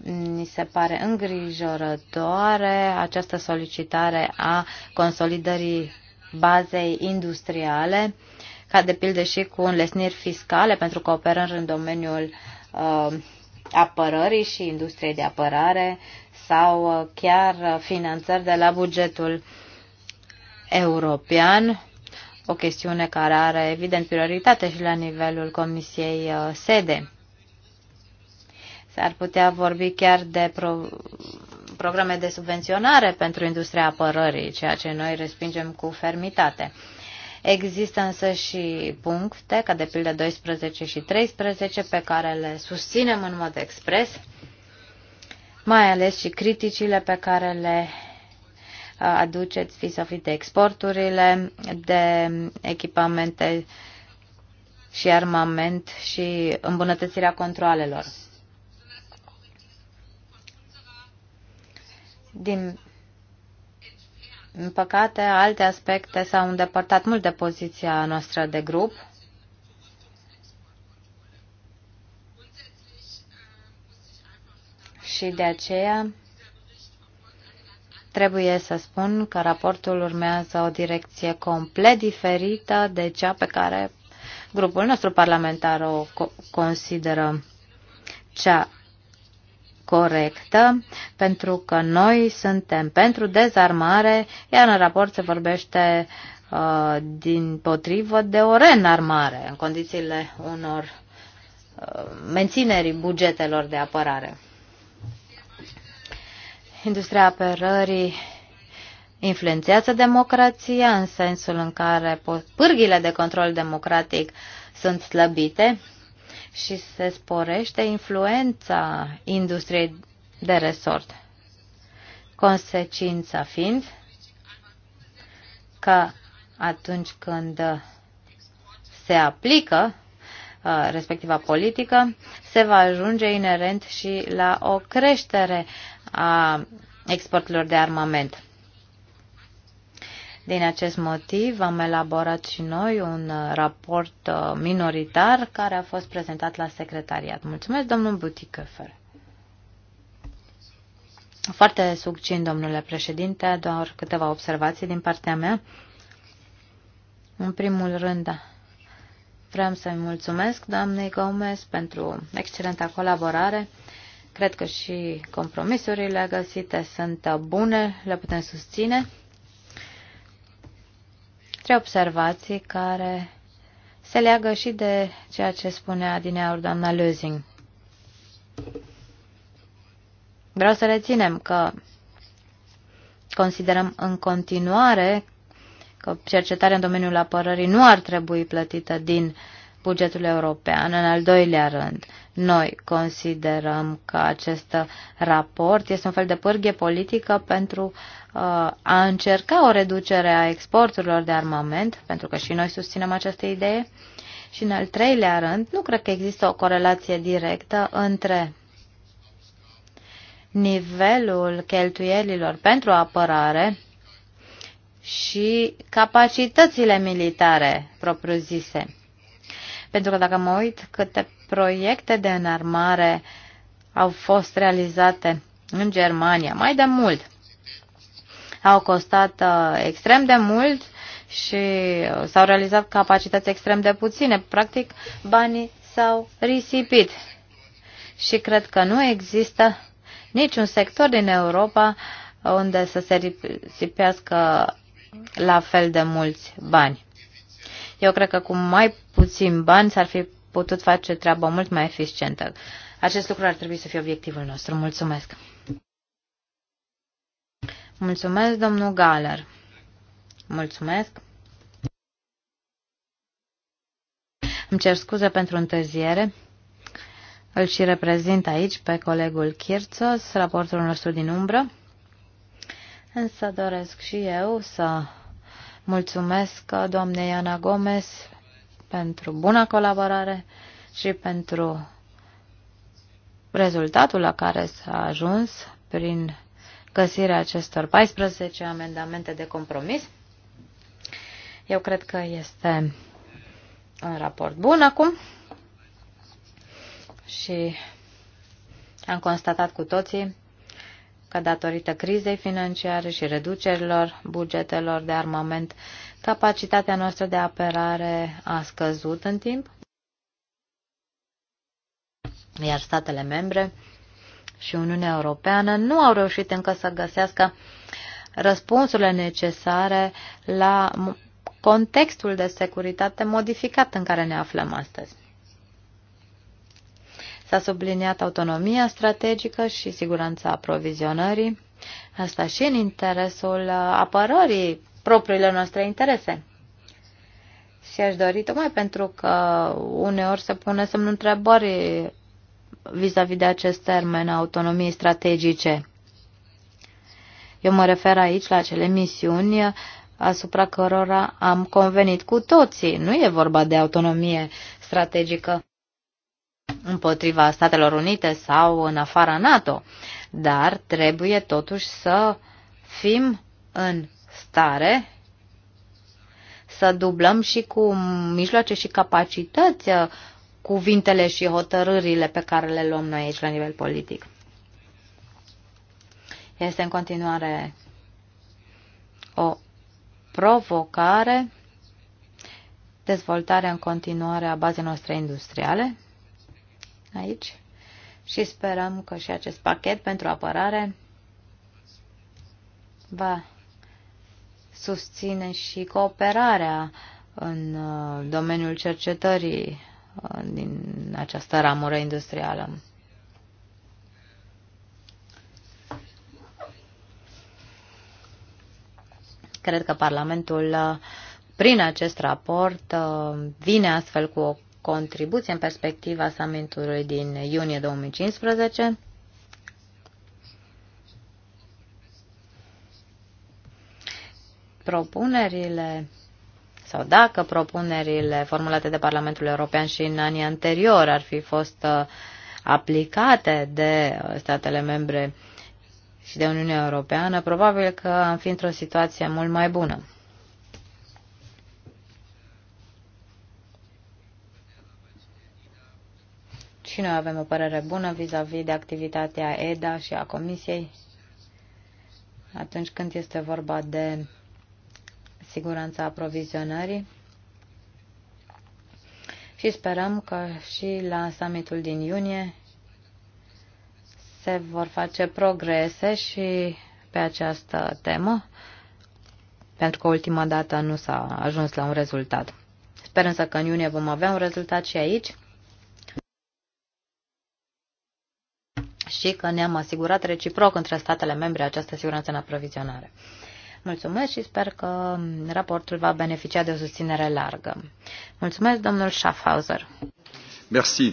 Ni se pare îngrijorătoare această solicitare a consolidării bazei industriale, ca de pildă și cu înlesniri fiscale pentru cooperări în domeniul uh, apărării și industriei de apărare sau uh, chiar finanțări de la bugetul european, o chestiune care are evident prioritate și la nivelul Comisiei uh, SEDE. S-ar putea vorbi chiar de pro- programe de subvenționare pentru industria apărării, ceea ce noi respingem cu fermitate. Există însă și puncte, ca de pildă 12 și 13, pe care le susținem în mod expres, mai ales și criticile pe care le aduceți vis-a-vis de exporturile de echipamente și armament și îmbunătățirea controalelor. din în păcate, alte aspecte s-au îndepărtat mult de poziția noastră de grup. Și de aceea trebuie să spun că raportul urmează o direcție complet diferită de cea pe care grupul nostru parlamentar o consideră cea corectă, pentru că noi suntem pentru dezarmare, iar în raport se vorbește uh, din potrivă de o renarmare, în condițiile unor uh, menținerii bugetelor de apărare. Industria apărării influențează democrația în sensul în care pârghile de control democratic sunt slăbite și se sporește influența industriei de resort. Consecința fiind că atunci când se aplică uh, respectiva politică, se va ajunge inerent și la o creștere a exporturilor de armament. Din acest motiv am elaborat și noi un uh, raport uh, minoritar care a fost prezentat la secretariat. Mulțumesc, domnul Butiköfer. Foarte succint, domnule președinte, doar câteva observații din partea mea. În primul rând, vreau să-i mulțumesc doamnei Gomez pentru excelenta colaborare. Cred că și compromisurile găsite sunt bune, le putem susține trei observații care se leagă și de ceea ce spunea adineaur doamna Lözing. Vreau să reținem că considerăm în continuare că cercetarea în domeniul apărării nu ar trebui plătită din uh, bugetul european. În al doilea rând, noi considerăm că acest raport este un fel de pârghie politică pentru uh, a încerca o reducere a exporturilor de armament, pentru că și noi susținem această idee. Și în al treilea rând, nu cred că există o corelație directă între nivelul cheltuielilor pentru apărare și capacitățile militare propriu-zise. Pentru că dacă mă uit câte proiecte de înarmare au fost realizate în Germania, mai de mult, au costat uh, extrem de mult și uh, s-au realizat capacități extrem de puține. Practic, banii s-au risipit. Și cred că nu există niciun sector din Europa unde să se risipească la fel de mulți bani. Eu cred că cu mai puțin bani s-ar fi putut face treaba mult mai eficientă. Acest lucru ar trebui să fie obiectivul nostru. Mulțumesc! Mulțumesc, domnul Galer. Mulțumesc. Îmi cer scuze pentru întârziere. Îl și reprezint aici pe colegul Kirțos, raportul nostru din umbră. Însă doresc și eu să Mulțumesc uh, doamnei Ana Gomez pentru buna colaborare și pentru rezultatul la care s-a ajuns prin găsirea acestor 14 amendamente de compromis. Eu cred că este un raport bun acum și am constatat cu toții că datorită crizei financiare și reducerilor bugetelor de armament, capacitatea noastră de apărare a scăzut în timp, iar statele membre și Uniunea Europeană nu au reușit încă să găsească răspunsurile necesare la contextul de securitate modificat în care ne aflăm astăzi. S-a subliniat autonomia strategică și siguranța aprovizionării, asta și în interesul uh, apărării propriilor noastre interese. Și aș dori tocmai pentru că uneori se pune semnul întrebări vis-a-vis de acest termen autonomiei strategice. Eu mă refer aici la acele misiuni asupra cărora am convenit cu toții. Nu e vorba de autonomie strategică împotriva Statelor Unite sau în afara NATO, dar trebuie totuși să fim în stare să dublăm și cu mijloace și capacități uh, cuvintele și hotărârile pe care le luăm noi aici la nivel politic. Este în continuare o provocare, dezvoltarea în continuare a bazei noastre industriale, aici și sperăm că și acest pachet pentru apărare va susține și cooperarea în uh, domeniul cercetării uh, din această ramură industrială. Cred că Parlamentul, uh, prin acest raport, vine astfel cu o contribuție în perspectiva summitului din iunie 2015. Propunerile sau dacă propunerile formulate de Parlamentul European și în anii anterior ar fi fost uh, aplicate de uh, statele membre și de Uniunea Europeană, probabil că am fi într-o situație mult mai bună. și noi avem o părere bună vis-a-vis -vis de activitatea EDA și a Comisiei atunci când este vorba de siguranța aprovizionării. Și sperăm că și la summitul din iunie se vor face progrese și pe această temă, pentru că ultima dată nu s-a ajuns la un rezultat. Sper însă că în iunie vom avea un rezultat și aici. și că ne-am asigurat reciproc între statele membre această siguranță în aprovizionare. Mulțumesc și sper că raportul va beneficia de o susținere largă. Mulțumesc, domnul Schaffhauser. Merci.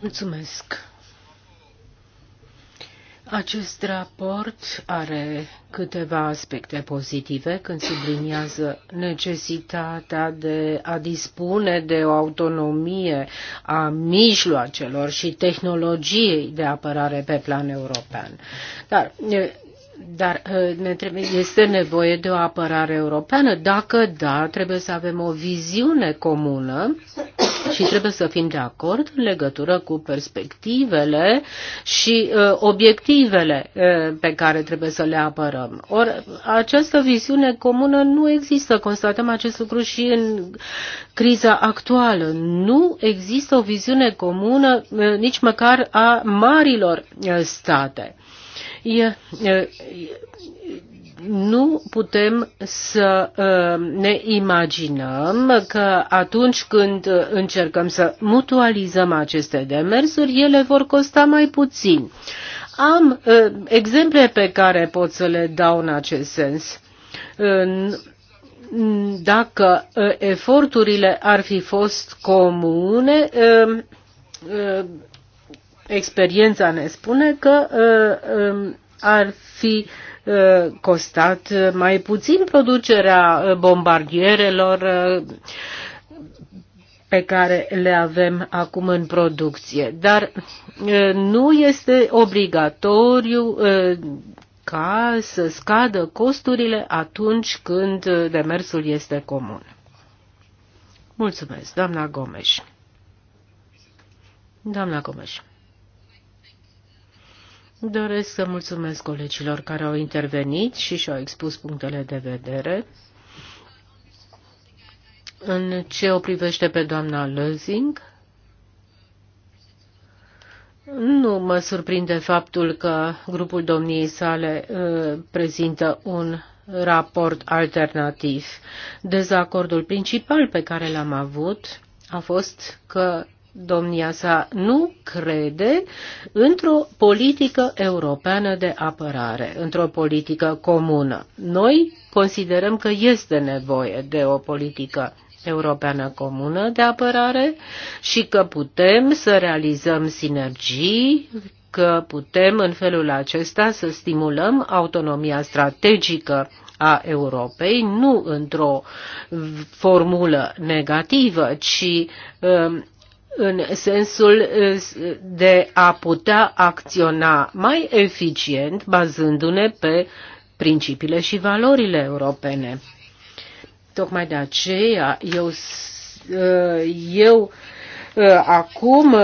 Mulțumesc. Acest raport are câteva aspecte pozitive când subliniază necesitatea de a dispune de o autonomie a mijloacelor și tehnologiei de apărare pe plan european. Dar dar ne trebuie, este nevoie de o apărare europeană. Dacă da, trebuie să avem o viziune comună și trebuie să fim de acord în legătură cu perspectivele și uh, obiectivele uh, pe care trebuie să le apărăm. Or, această viziune comună nu există, constatăm acest lucru și în criza actuală. Nu există o viziune comună uh, nici măcar a marilor uh, state. E, e, uh, nu putem să uh, ne imaginăm că atunci când uh, încercăm să mutualizăm aceste demersuri, ele vor costa mai puțin. Am uh, exemple pe care pot să le dau în acest sens dacă eforturile ar fi fost comune, um, experiența ne spune că um, ar fi costat mai puțin producerea uh, bombardierelor uh, pe care le avem acum în producție. Dar uh, nu este obligatoriu ca să scadă costurile atunci când demersul este comun. Mulțumesc, doamna Gomes. Doamna Gomes. Doresc să mulțumesc colegilor care au intervenit și și-au expus punctele de vedere. În ce o privește pe doamna Lăzing, nu mă surprinde faptul că grupul domniei sale uh, prezintă un raport alternativ. Dezacordul principal pe care l-am avut a fost că domnia sa nu crede într-o politică europeană de apărare, într-o politică comună. Noi considerăm că este nevoie de o politică europeană comună de apărare și că putem să realizăm sinergii, că putem în felul acesta să stimulăm autonomia strategică a Europei, nu într-o formulă negativă, ci um, în sensul de a putea acționa mai eficient bazându-ne pe principiile și valorile europene. Tocmai de aceea eu, eu acum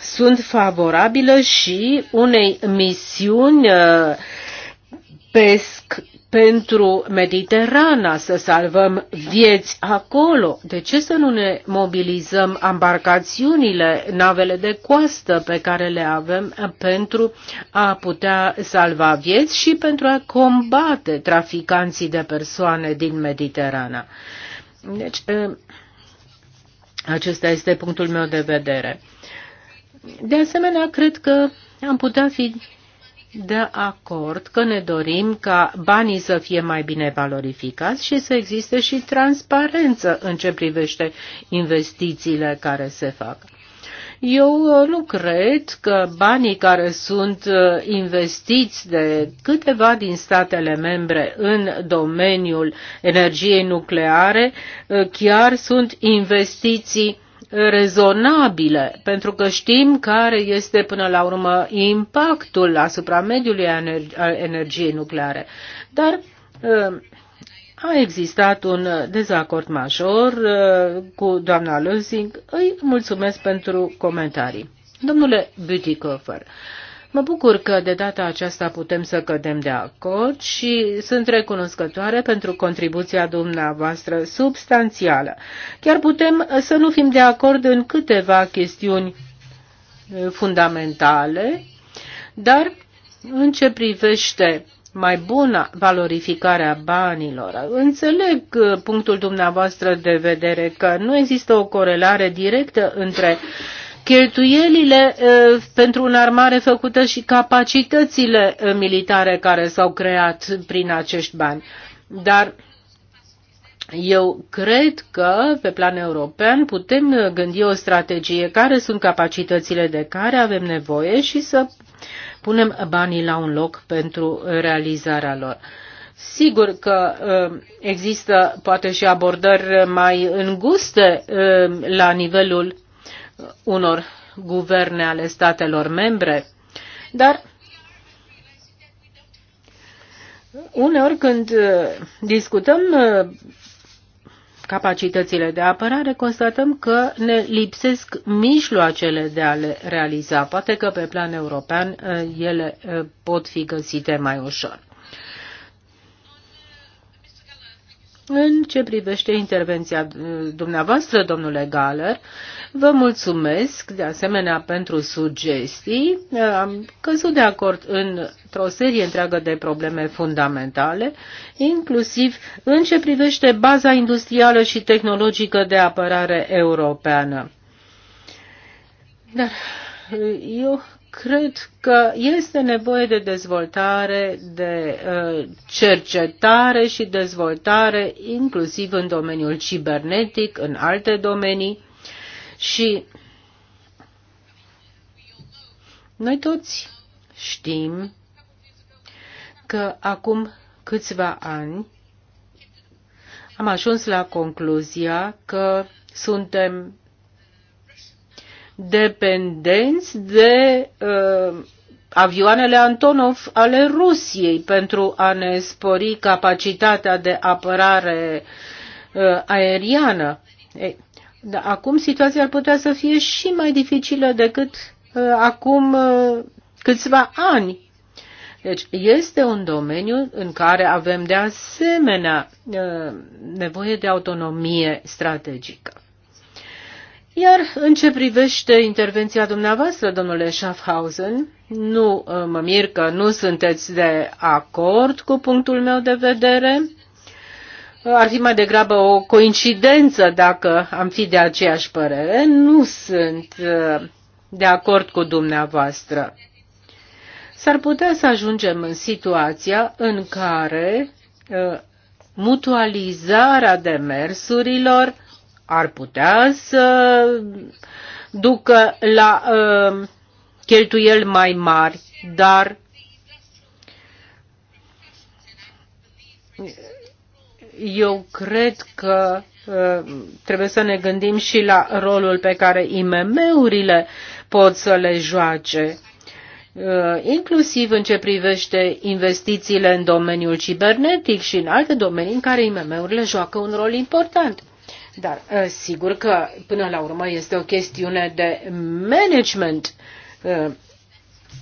sunt favorabilă și unei misiuni pesc pentru Mediterana, să salvăm vieți acolo. De ce să nu ne mobilizăm embarcațiunile, navele de coastă pe care le avem pentru a putea salva vieți și pentru a combate traficanții de persoane din Mediterana? Deci, acesta este punctul meu de vedere. De asemenea, cred că am putea fi de acord că ne dorim ca banii să fie mai bine valorificați și să existe și transparență în ce privește investițiile care se fac. Eu uh, nu cred că banii care sunt uh, investiți de câteva din statele membre în domeniul energiei nucleare uh, chiar sunt investiții uh, rezonabile, pentru că știm care este până la urmă impactul asupra mediului al energiei nucleare. Dar uh, a existat un dezacord major uh, cu doamna Lusing. Îi mulțumesc pentru comentarii. Domnule Bütikofer, Mă bucur că de data aceasta putem să cădem de acord și sunt recunoscătoare pentru contribuția dumneavoastră substanțială. Chiar putem să nu fim de acord în câteva chestiuni fundamentale, dar în ce privește mai bună valorificarea banilor. Înțeleg punctul dumneavoastră de vedere că nu există o corelare directă între uh, cheltuielile pentru înarmare făcută și capacitățile militare care s-au creat prin acești bani. Dar eu cred că, pe plan european, putem gândi o strategie care sunt capacitățile de care avem nevoie și să punem banii la un loc pentru realizarea lor. Sigur că există poate și abordări mai înguste la nivelul unor guverne ale statelor membre, dar uneori când uh, discutăm uh, capacitățile de apărare, constatăm că ne lipsesc mijloacele de a le realiza. Poate că pe plan european uh, ele pot fi găsite mai ușor. În ce privește intervenția dumneavoastră, domnule Galer, Vă mulțumesc de asemenea pentru sugestii. Am căzut de acord într-o serie întreagă de probleme fundamentale, inclusiv în ce privește baza industrială și tehnologică de apărare europeană. Dar eu cred că este nevoie de dezvoltare, de uh, cercetare și dezvoltare, inclusiv în domeniul cibernetic, în alte domenii. Și noi toți știm că acum câțiva ani am ajuns la concluzia că suntem dependenți de uh, avioanele Antonov ale Rusiei pentru a ne spori capacitatea de apărare uh, aeriană. Ei, da, acum situația ar putea să fie și mai dificilă decât uh, acum uh, câțiva ani. Deci este un domeniu în care avem de asemenea uh, nevoie de autonomie strategică. Iar în ce privește intervenția dumneavoastră, domnule Schaffhausen, nu uh, mă mir că nu sunteți de acord cu punctul meu de vedere ar fi mai degrabă o coincidență dacă am fi de aceeași părere. Nu sunt uh, de acord cu dumneavoastră. S-ar putea să ajungem în situația în care uh, mutualizarea demersurilor ar putea să ducă la uh, cheltuieli mai mari, dar eu cred că uh, trebuie să ne gândim și la rolul pe care IMM-urile pot să le joace, uh, inclusiv în ce privește investițiile în domeniul cibernetic și în alte domenii în care IMM-urile joacă un rol important. Dar uh, sigur că până la urmă este o chestiune de management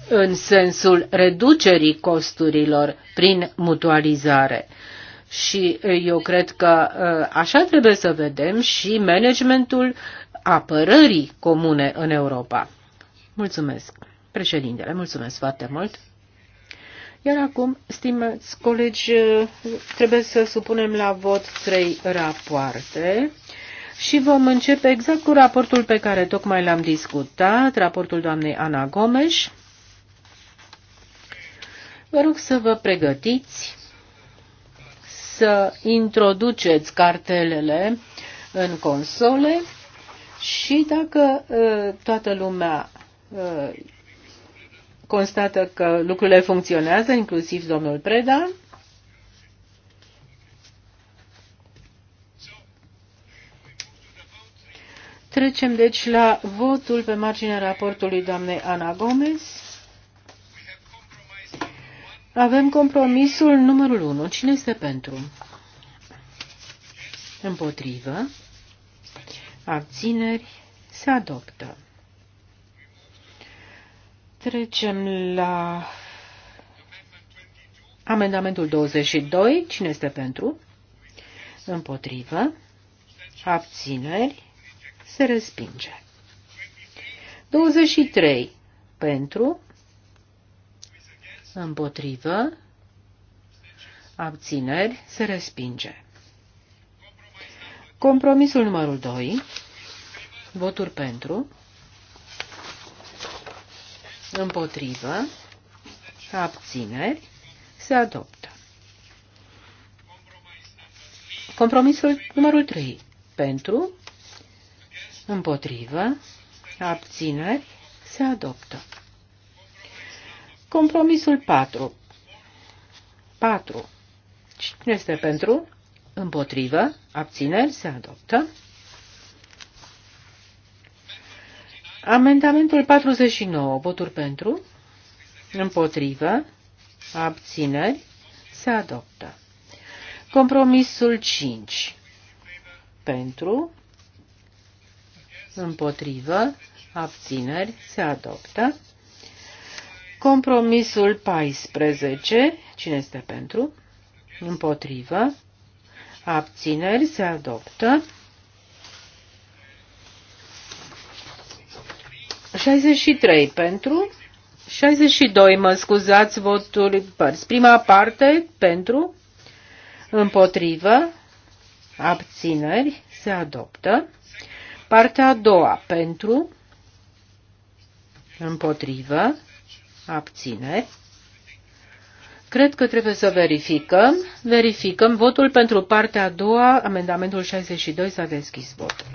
în sensul reducerii costurilor prin mutualizare. Și eh, eu cred că eh, așa trebuie să vedem și managementul apărării comune în Europa. Mulțumesc, președintele, mulțumesc foarte mult. Iar acum, stimați colegi, eh, trebuie să supunem la vot trei rapoarte și vom începe exact cu raportul pe care tocmai l-am discutat, raportul doamnei Ana Gomes. Vă rog să vă pregătiți să introduceți cartelele în console și dacă uh, toată lumea uh, constată că lucrurile funcționează, inclusiv domnul Preda, Trecem deci la votul pe marginea raportului doamnei Ana Gomez. Avem compromisul numărul 1. Cine este pentru? Împotrivă. Abțineri. Se adoptă. Trecem la amendamentul 22. Cine este pentru? Împotrivă. Abțineri. Se respinge. 23. Pentru împotrivă, abțineri, se respinge. Compromisul numărul 2, voturi pentru, împotrivă, abțineri, se adoptă. Compromisul numărul 3, pentru, împotrivă, abțineri, se adoptă. Compromisul 4. 4. Cine este pentru? Împotrivă. Abțineri. Se adoptă. Amendamentul 49. Voturi pentru. Împotrivă. Abțineri. Se adoptă. Compromisul 5. Pentru. Împotrivă. Abțineri. Se adoptă. Compromisul 14. Cine este pentru? Împotrivă. Abțineri se adoptă. 63 pentru. 62, mă scuzați, votul părți. Prima parte pentru. Împotrivă. Abțineri se adoptă. Partea a doua pentru. Împotrivă abțineri. Cred că trebuie să verificăm. Verificăm votul pentru partea a doua, amendamentul 62 s-a deschis votul.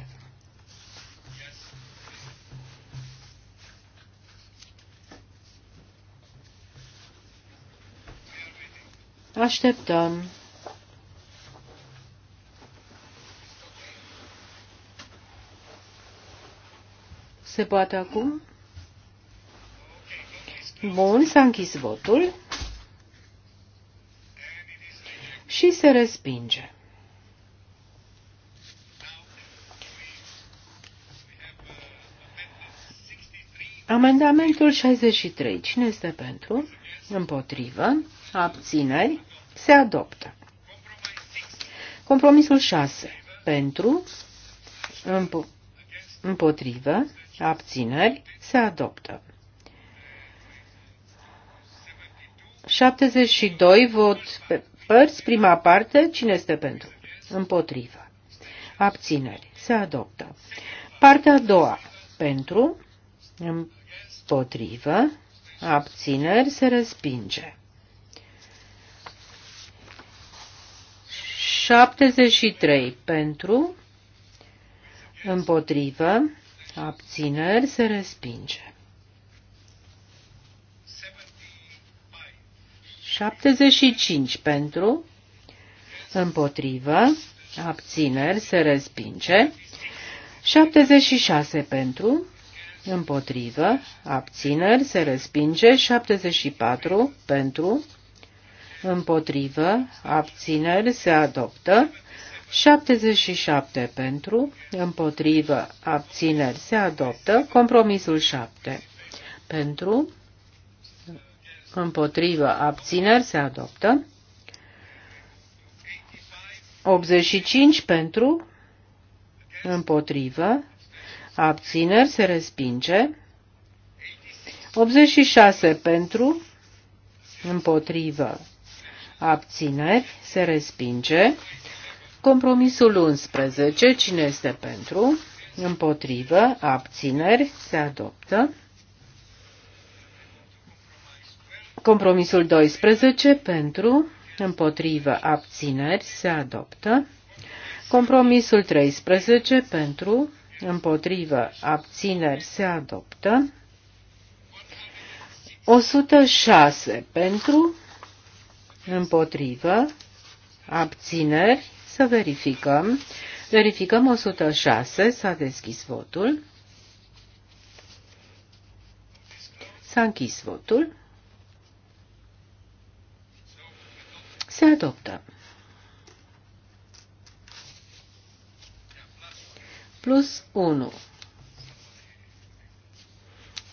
Așteptăm. Se poate acum? Bun, s-a închis votul. Și se respinge. Amendamentul 63. Cine este pentru? Împotrivă. Abțineri. Se adoptă. Compromisul 6. Pentru. Împotrivă. Abțineri. Se adoptă. 72, vot pe părți, prima parte, cine este pentru? Împotrivă. Abțineri. Se adoptă. Partea a doua, pentru, împotrivă, abțineri, se respinge. 73 pentru, împotrivă, abțineri, se respinge. 75 pentru, împotrivă, abțineri, se respinge. 76 pentru, împotrivă, abțineri, se respinge. 74 pentru, împotrivă, abțineri, se adoptă. 77 pentru, împotrivă, abțineri, se adoptă. Compromisul 7 pentru, împotrivă, abțineri, se adoptă. 85 pentru, împotrivă, abțineri, se respinge. 86 pentru, împotrivă, abțineri, se respinge. Compromisul 11, cine este pentru, împotrivă, abțineri, se adoptă. Compromisul 12 pentru, împotrivă, abțineri se adoptă. Compromisul 13 pentru, împotrivă, abțineri se adoptă. 106 pentru, împotrivă, abțineri, să verificăm. Verificăm 106, s-a deschis votul. S-a închis votul. Se adoptă. Plus 1.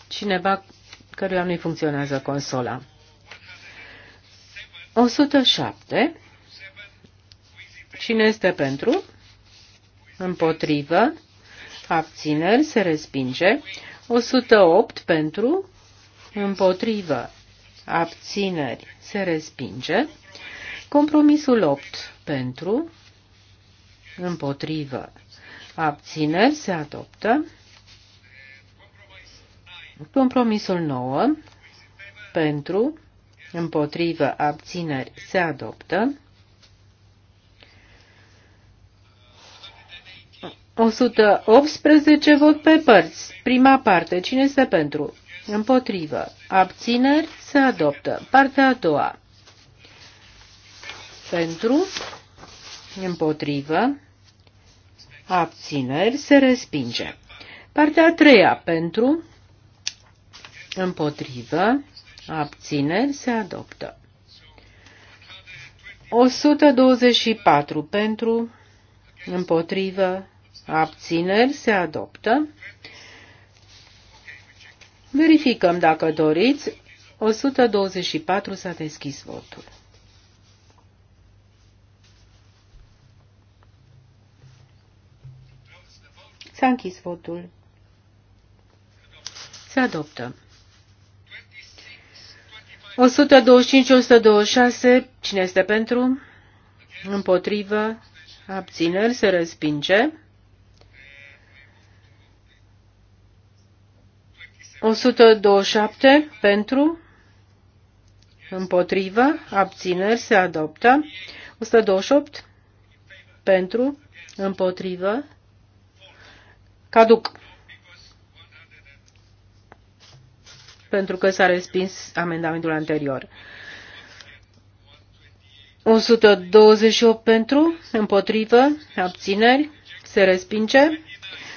Cineva căruia nu-i funcționează consola. 107. Cine este pentru? Împotrivă. Abțineri se respinge. 108 pentru. Împotrivă. Abțineri se respinge. Compromisul 8 pentru, împotrivă, abțineri se adoptă. Compromisul 9 pentru, împotrivă, abțineri se adoptă. 118 vot pe părți. Prima parte. Cine este pentru? Împotrivă. Abțineri se adoptă. Partea a doua pentru, împotrivă, abțineri, se respinge. Partea a treia pentru, împotrivă, abțineri, se adoptă. 124 pentru, împotrivă, abțineri, se adoptă. Verificăm dacă doriți. 124 s-a deschis votul. S-a închis votul. Se adoptă. 125-126, cine este pentru? Împotrivă, abțineri, se respinge. 127 pentru, împotrivă, abțineri, se adoptă. 128 pentru, împotrivă, caduc. Pentru că s-a respins amendamentul anterior. 128 pentru, împotrivă, abțineri, se respinge.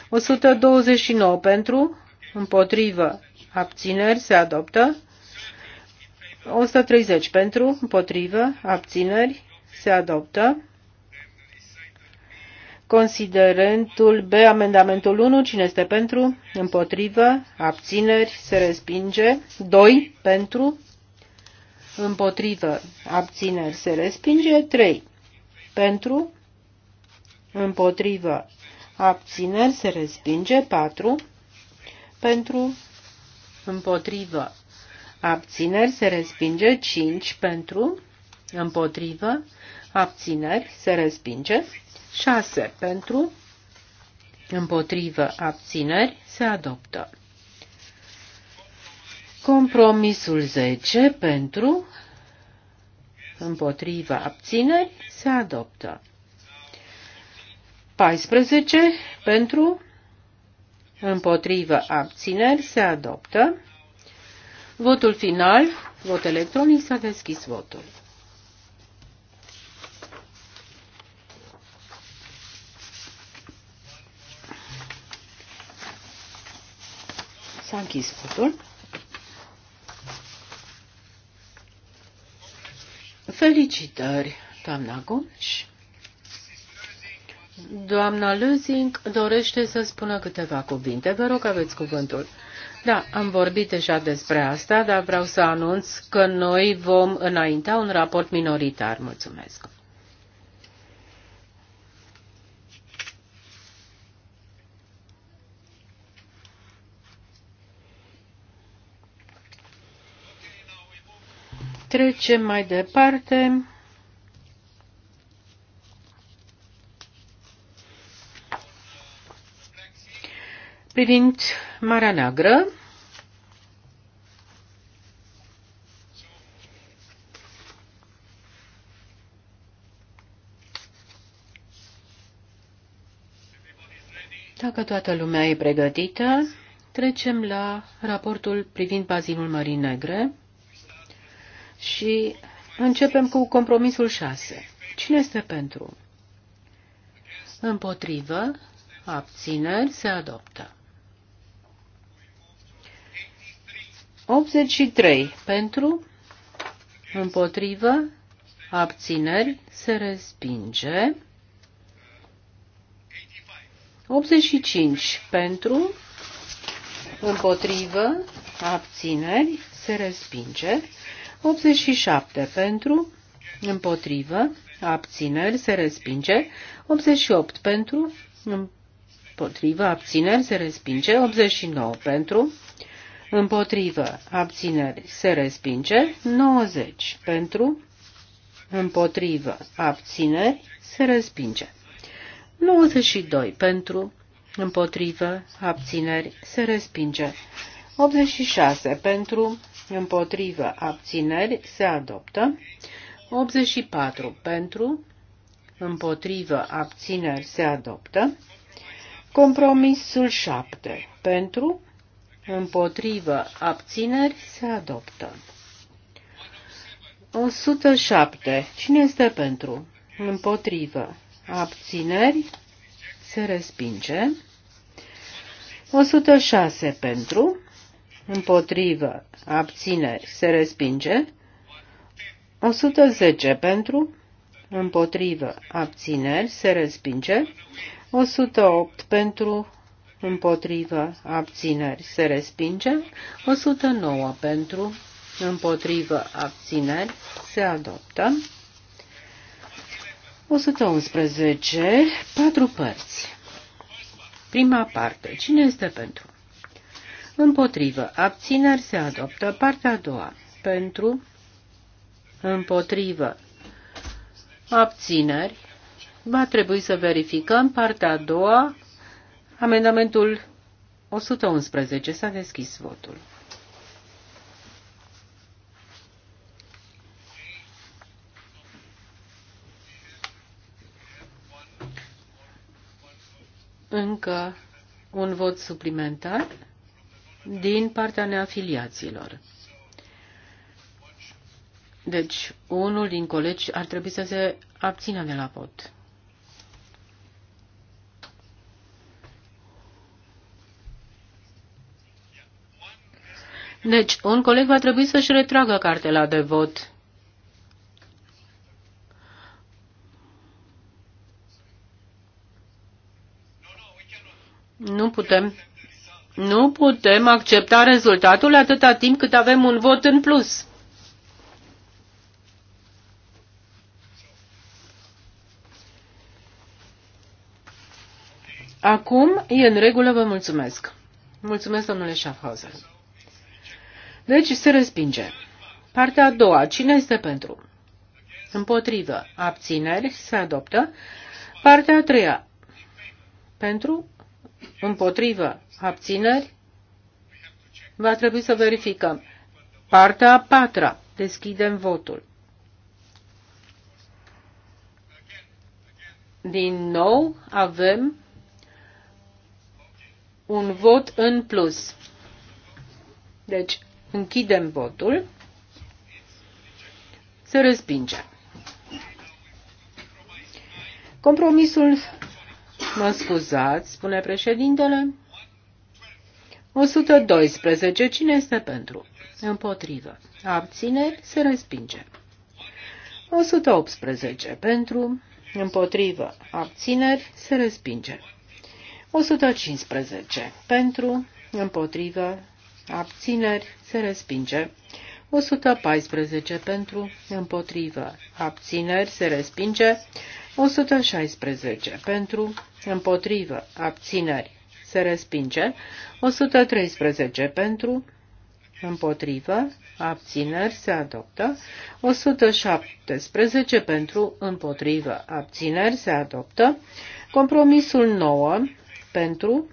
129 pentru, împotrivă, abțineri, se adoptă. 130 pentru, împotrivă, abțineri, se adoptă. Considerentul B, amendamentul 1, cine este pentru? Împotrivă. Abțineri. Se respinge. 2. Pentru. Împotrivă. Abțineri. Se respinge. 3. Pentru. Împotrivă. Abțineri. Se respinge. 4. Pentru. Împotrivă. Abțineri. Se respinge. 5. Pentru. Împotrivă. Abțineri. Se respinge. 6 pentru, împotrivă, abțineri, se adoptă. Compromisul 10 pentru, împotrivă, abțineri, se adoptă. 14 pentru, împotrivă, abțineri, se adoptă. Votul final, vot electronic, s-a deschis votul. S-a închis votul. Felicitări, doamna Gomes. Doamna Luzing dorește să spună câteva cuvinte. Vă rog, aveți cuvântul. Da, am vorbit deja despre asta, dar vreau să anunț că noi vom înainta un raport minoritar. Mulțumesc. Trecem mai departe. Privind Marea Neagră, Dacă toată lumea e pregătită, trecem la raportul privind bazinul Mării Negre. Și începem cu compromisul 6. Cine este pentru? Împotrivă, abțineri, se adoptă. 83 pentru, împotrivă, abțineri, se respinge. 85 pentru, împotrivă, abțineri, se respinge. 87 pentru, împotrivă, abțineri, se respinge. 88 pentru, împotrivă, abțineri, se respinge. 89 pentru, împotrivă, abțineri, se respinge. 90 pentru, împotrivă, abțineri, se respinge. 92 pentru, împotrivă, abțineri, se respinge. 86 pentru, împotrivă, abțineri, se adoptă. 84 pentru, împotrivă, abțineri, se adoptă. Compromisul 7 pentru, împotrivă, abțineri, se adoptă. 107. Cine este pentru? Împotrivă. Abțineri. Se respinge. 106 pentru împotrivă, abțineri, se respinge. 110 pentru, împotrivă, abțineri, se respinge. 108 pentru, împotrivă, abțineri, se respinge. 109 pentru, împotrivă, abțineri, se adoptă. 111, patru părți. Prima parte, cine este pentru? Împotrivă. Abțineri se adoptă. Partea a doua. Pentru. Împotrivă. Abțineri. Va trebui să verificăm partea a doua. Amendamentul 111. S-a deschis votul. Încă un vot suplimentar din partea neafiliaților. Deci, unul din colegi ar trebui să se abțină de la vot. Deci, un coleg va trebui să-și retragă cartela de vot. Nu putem nu putem accepta rezultatul atâta timp cât avem un vot în plus. Acum e în regulă, vă mulțumesc. Mulțumesc, domnule Schaffhauser. Deci se respinge. Partea a doua. Cine este pentru? Împotrivă. Abțineri. Se adoptă. Partea a treia. Pentru? Împotrivă. Abțineri? Va trebui să verificăm. Partea a patra. Deschidem votul. Din nou avem un vot în plus. Deci închidem votul. Se respinge. Compromisul, mă scuzați, spune președintele, 112. Cine este pentru? Împotrivă. Abțineri se respinge. 118. Pentru, împotrivă, abțineri se respinge. 115. Pentru, împotrivă, abțineri se respinge. 114 pentru, împotrivă, abțineri se respinge, 116 pentru, împotrivă, abțineri se respinge. 113 pentru, împotrivă, abțineri se adoptă. 117 pentru, împotrivă, abțineri se adoptă. Compromisul 9 pentru,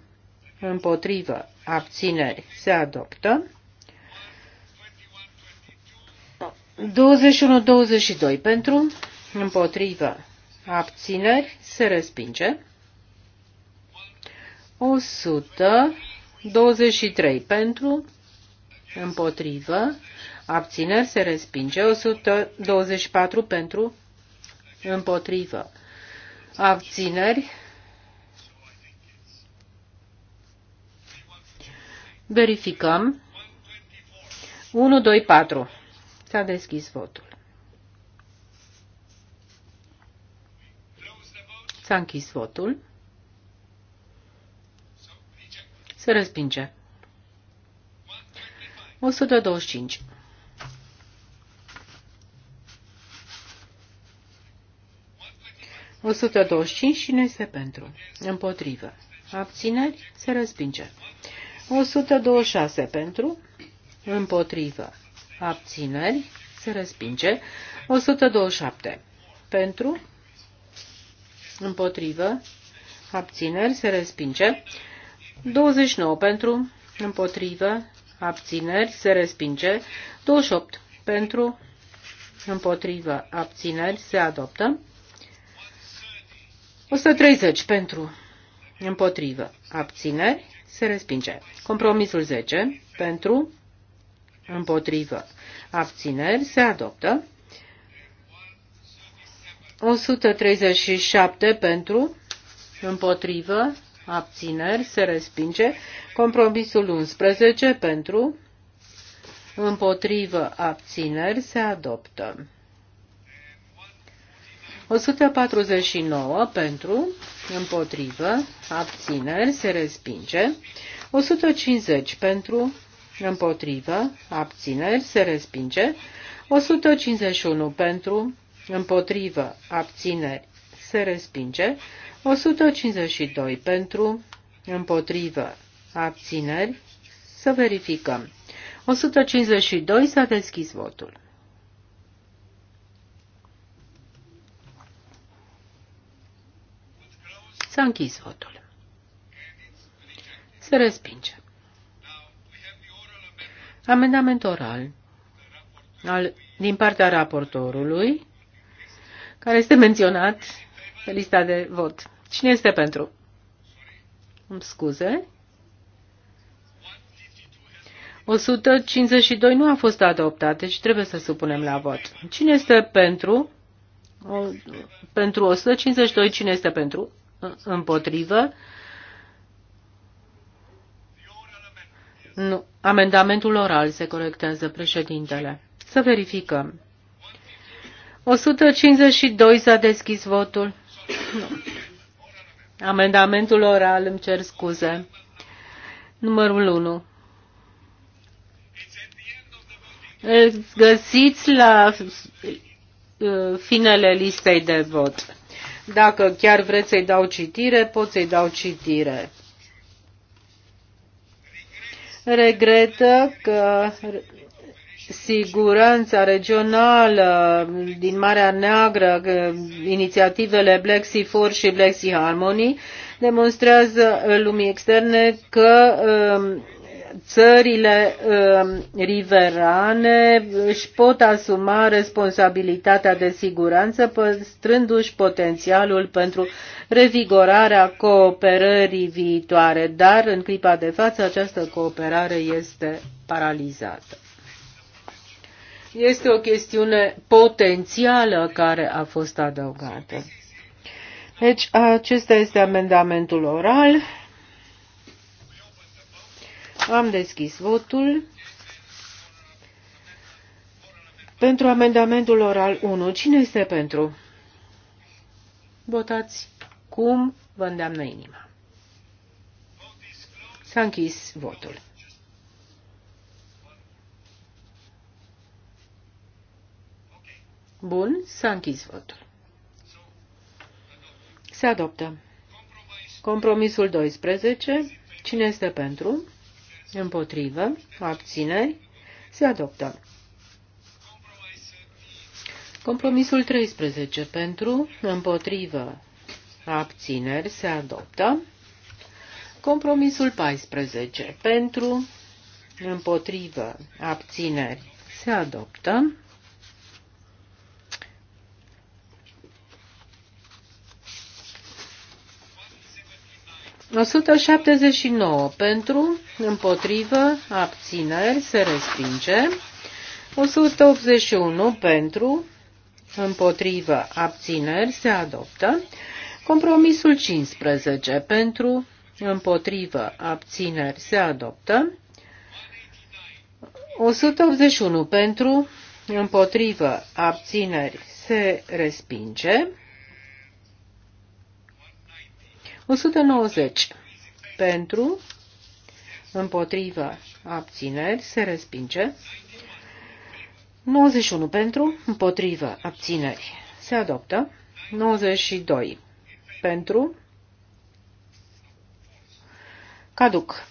împotrivă, abțineri se adoptă. 21-22 pentru, împotrivă, abțineri se respinge. 123 pentru, împotrivă, abțineri se respinge, 124 pentru, împotrivă, abțineri, verificăm, 1, 2, 4, s-a deschis votul. S-a închis votul. Se respinge. 125. O 125 și nu este pentru. Împotrivă. Abțineri se respinge. 126 pentru. Împotrivă. Abțineri se respinge. 127 pentru. Împotrivă. Abțineri se respinge. 29 pentru, împotrivă, abțineri, se respinge. 28 pentru, împotrivă, abțineri, se adoptă. 130 pentru, împotrivă, abțineri, se respinge. Compromisul 10 pentru, împotrivă, abțineri, se adoptă. 137 pentru, împotrivă, abțineri, se respinge. Compromisul 11 pentru, împotrivă, abțineri, se adoptă. 149 pentru, împotrivă, abțineri, se respinge. 150 pentru, împotrivă, abțineri, se respinge. 151 pentru, împotrivă, abțineri, se respinge. 152 pentru, împotrivă, abțineri, să verificăm. 152 s-a deschis votul. S-a închis votul. Se respinge. Amendament oral al, din partea raportorului, care este menționat pe lista de vot. Cine este pentru? Îmi scuze. 152 nu a fost adoptat, deci trebuie să supunem la vot. Cine este pentru? O, pentru 152, cine este pentru? Împotrivă? Nu. Amendamentul oral se corectează președintele. Să verificăm. 152 s-a deschis votul. Nu. Amendamentul oral, îmi cer scuze. Numărul 1. Îl găsiți la uh, finele listei de vot. Dacă chiar vreți să-i dau citire, pot să-i dau citire. Regretă că siguranța regională din Marea Neagră, inițiativele Black Sea Force și Black Sea Harmony, demonstrează lumii externe că um, țările um, riverane își pot asuma responsabilitatea de siguranță păstrându-și potențialul pentru revigorarea cooperării viitoare, dar în clipa de față această cooperare este paralizată. Este o chestiune potențială care a fost adăugată. Deci, acesta este amendamentul oral. Am deschis votul. Pentru amendamentul oral 1, cine este pentru? Votați cum vă îndeamnă inima. S-a închis votul. Bun, s-a închis votul. Se adoptă. Compromisul 12. Cine este pentru? Împotrivă. Abțineri. Se adoptă. Compromisul 13. Pentru. Împotrivă. Abțineri. Se adoptă. Compromisul 14. Pentru. Împotrivă. Abțineri. Se adoptă. 179 pentru, împotrivă, abțineri, se respinge. 181 pentru, împotrivă, abțineri, se adoptă. Compromisul 15 pentru, împotrivă, abțineri, se adoptă. 181 pentru, împotrivă, abțineri, se respinge. 190 pentru, împotrivă, abțineri, se respinge. 91 pentru, împotrivă, abțineri, se adoptă. 92 pentru, caduc.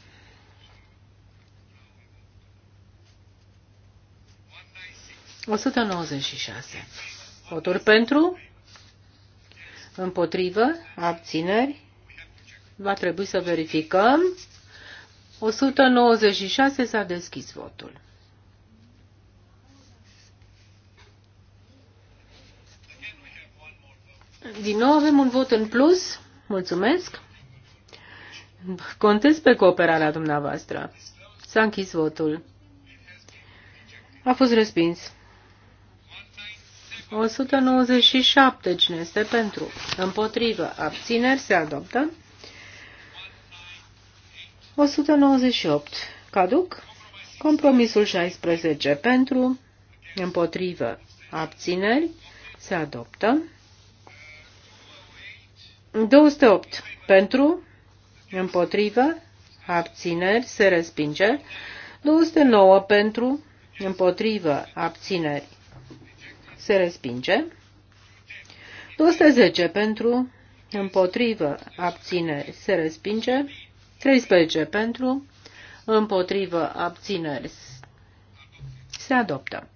196. Voturi pentru, împotrivă, abțineri, Va trebui să verificăm. 196 s-a deschis votul. Din nou avem un vot în plus. Mulțumesc. Contez pe cooperarea dumneavoastră. S-a închis votul. A fost respins. 197. Cine este pentru? Împotrivă. Abțineri se adoptă. 198. Caduc. Compromisul 16 pentru, împotrivă, abțineri, se adoptă. 208 pentru, împotrivă, abțineri, se respinge. 209 pentru, împotrivă, abțineri, se respinge. 210 pentru, împotrivă, abțineri, se respinge. 13 pentru, împotrivă, abțineri, se adoptă.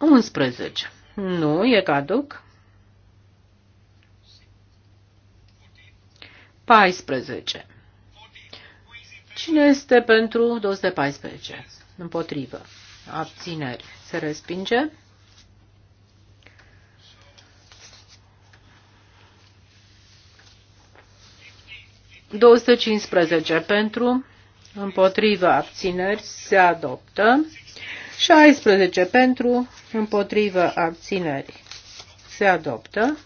11. Nu, e caduc. 14. Cine este pentru 214? Împotrivă. Abțineri. Se respinge. 215 pentru, împotrivă abțineri se adoptă. 16 pentru, împotrivă abțineri se adoptă.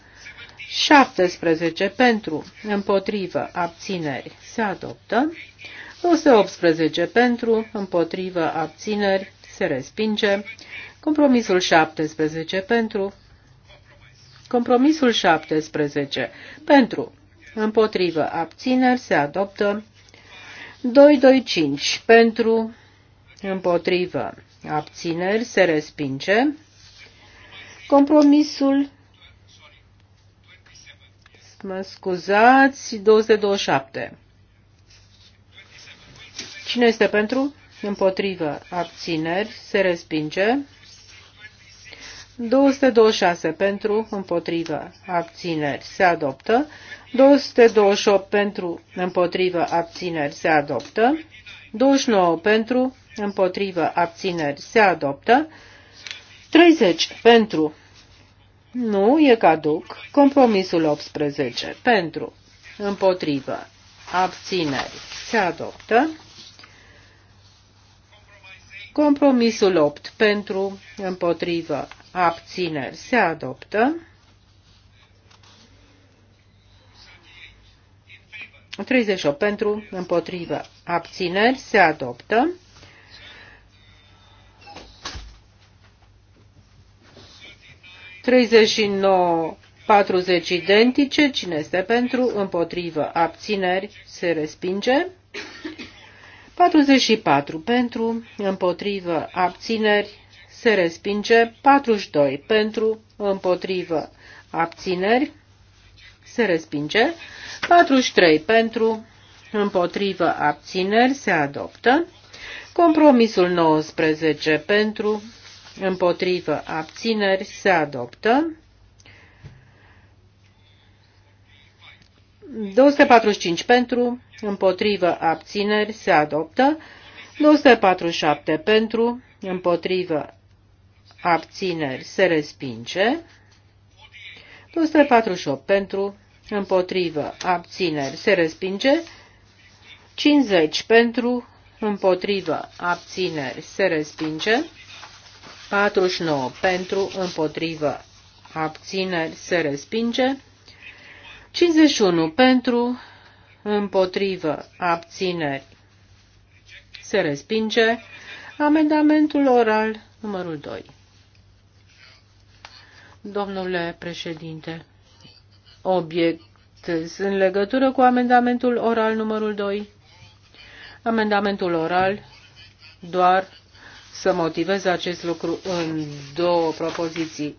17 pentru, împotrivă abțineri se adoptă. 218 pentru, împotrivă abțineri se respinge. Compromisul 17 pentru, Compromisul 17. Pentru, împotrivă, abțineri, se adoptă. 225 pentru, împotrivă, abțineri, se respinge. Compromisul, mă scuzați, 227. Cine este pentru? Împotrivă, abțineri, se respinge. 226 pentru, împotrivă, abțineri, se adoptă. 228 pentru, împotrivă, abțineri se adoptă. 29 pentru, împotrivă, abțineri se adoptă. 30 pentru, nu, e caduc. Compromisul 18 pentru, împotrivă, abțineri se adoptă. Compromisul 8 pentru, împotrivă, abțineri se adoptă. 38 pentru, împotrivă, abțineri, se adoptă. Treizeci nouă, patruzeci identice, cine este pentru, împotrivă, abțineri, se respinge. 44 pentru, împotrivă, abțineri, se respinge. 42 pentru, împotrivă, abțineri, se respinge. 43 pentru, împotrivă, abțineri, se adoptă. Compromisul 19 pentru, împotrivă, abțineri, se adoptă. 245 pentru, împotrivă, abțineri, se adoptă. 247 pentru, împotrivă, abțineri, se respinge. 148 pentru, împotrivă, abțineri, se respinge. 50 pentru, împotrivă, abțineri, se respinge. 49 pentru, împotrivă, abțineri, se respinge. 51 pentru, împotrivă, abțineri, se respinge. Amendamentul oral numărul 2. Domnule președinte, obiect în legătură cu amendamentul oral numărul 2. Amendamentul oral doar să motivez acest lucru în două propoziții.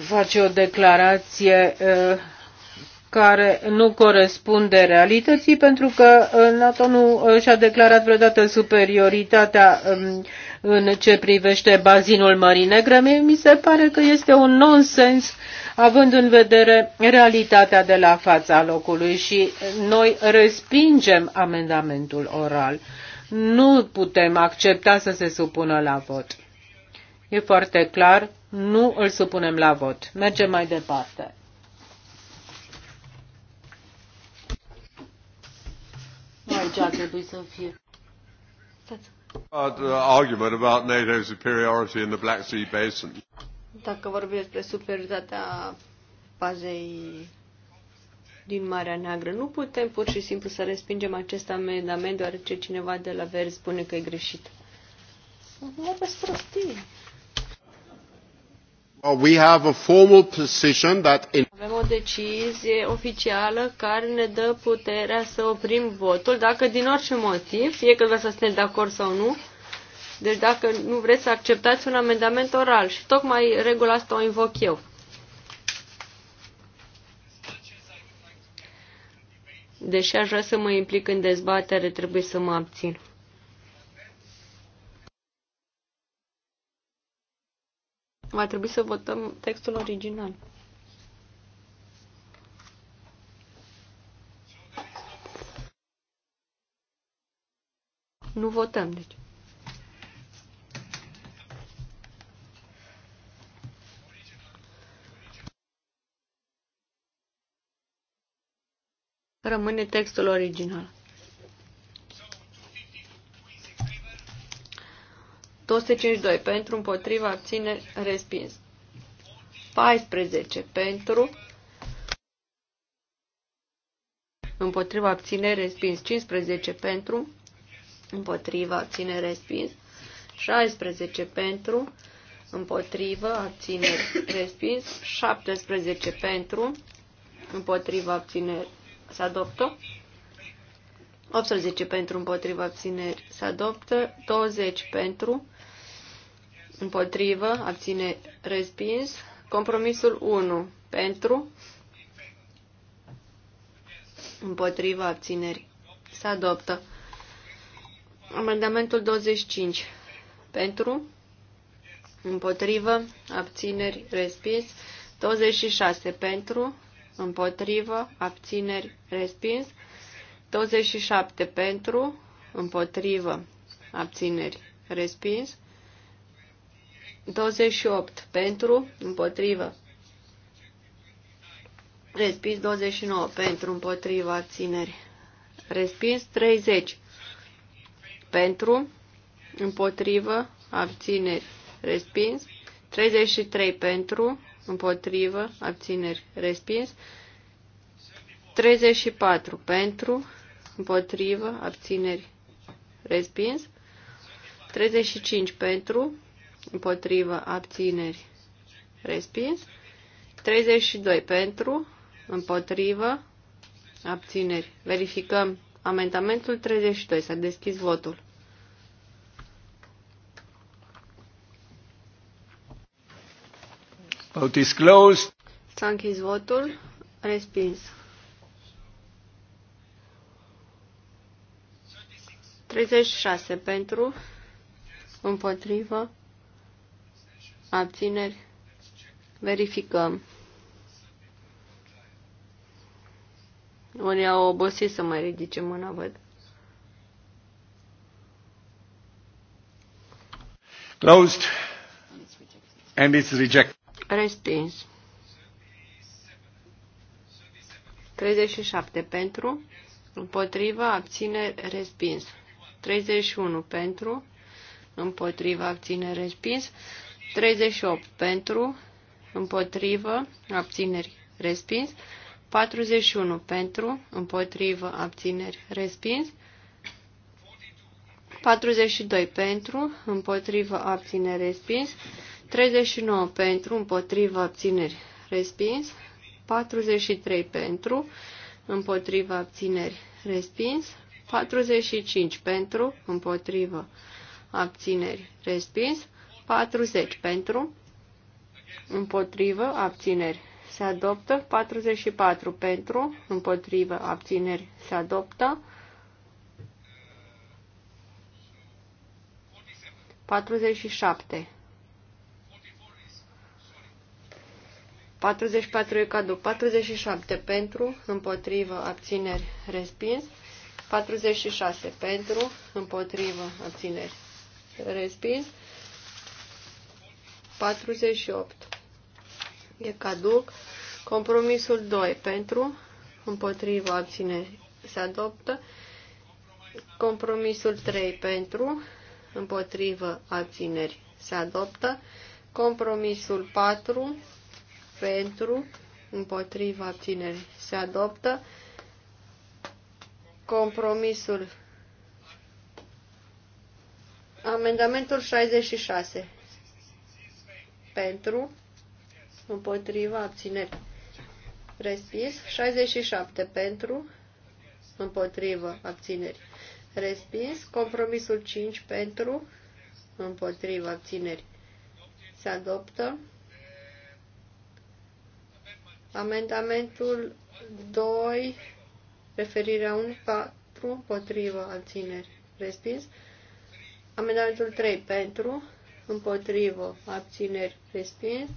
Face o declarație care nu corespunde realității pentru că NATO nu și-a declarat vreodată superioritatea în ce privește bazinul Mării Negre, mi se pare că este un nonsens având în vedere realitatea de la fața locului și noi respingem amendamentul oral. Nu putem accepta să se supună la vot. E foarte clar, nu îl supunem la vot. Mergem mai departe. Aici ar trebui să fie. Uh, argument about NATO superiority in the Black Sea Basin. Dacă vorbim despre superioritatea bazei din Marea Neagră, nu putem pur și simplu să respingem acest amendament deoarece cineva de la Verzi spune că e greșit. vă prostii. Uh, we have a formal position that in... Avem o decizie oficială care ne dă puterea să oprim votul, dacă din orice motiv, fie că vreți să sunteți de acord sau nu, deci dacă nu vreți să acceptați un amendament oral și tocmai regula asta o invoc eu. Deși aș vrea să mă implic în dezbatere, trebuie să mă abțin. Va trebui să votăm textul original. Nu votăm, deci. Rămâne textul original. 252 pentru, împotriva, abține, respins. 14 pentru, împotriva, abține, respins. 15 pentru, împotriva, abține, respins. 16 pentru, împotriva, abține, respins. 17 pentru, împotriva, abține, se adoptă. 18 pentru împotriva abțineri se adoptă, 20 pentru Împotrivă, abține respins. Compromisul 1. Pentru. Împotrivă, abțineri. Se adoptă. Amendamentul 25. Pentru. Împotrivă, abțineri, respins. 26. Pentru. Împotrivă, abțineri, respins. 27. Pentru. Împotrivă, abțineri, respins. 28 pentru, împotrivă. Respins 29 pentru, împotriva abțineri. Respins 30 pentru, împotrivă, abțineri. Respins 33 pentru, împotrivă, abțineri. Respins 34 pentru, împotrivă, abțineri. Respins 35 pentru, împotrivă, abțineri, respins. 32 pentru, împotrivă, abțineri. Verificăm amendamentul 32. S-a deschis votul. Vote is closed. S-a închis votul. Respins. 36 pentru, împotrivă, Abțineri. Verificăm. Unii au obosit să mai ridice mâna, văd. Closed. And it's rejected. Restins. 37 pentru, împotriva, abține, respins. 31 pentru, împotriva, abține, respins. 38 pentru, împotrivă, abțineri, respins. 41 pentru, împotrivă, abțineri, respins. 42 pentru, împotrivă, abțineri, respins. 39 pentru, împotrivă, abțineri, respins. 43 pentru, împotrivă, abțineri, respins. 45 pentru, împotrivă, abțineri, respins. 40 pentru, împotrivă, abțineri se adoptă, 44 pentru, împotrivă, abțineri se adoptă, 47. 44 e cadou. 47 pentru, împotrivă, abțineri, respins. 46 pentru, împotrivă, abțineri, respins. 48. E caduc. Compromisul 2 pentru, împotriva abține, se adoptă. Compromisul 3 pentru, împotrivă abțineri se adoptă. Compromisul 4 pentru, împotriva abțineri se adoptă. Compromisul Amendamentul 66 pentru, împotriva, abțineri, respins. 67 pentru, împotrivă, abțineri, respins. Compromisul 5 pentru, împotriva, abțineri, se adoptă. Amendamentul 2, referirea 1, 4, împotrivă, abțineri, respins. Amendamentul 3, pentru, împotrivă, abțineri, respins.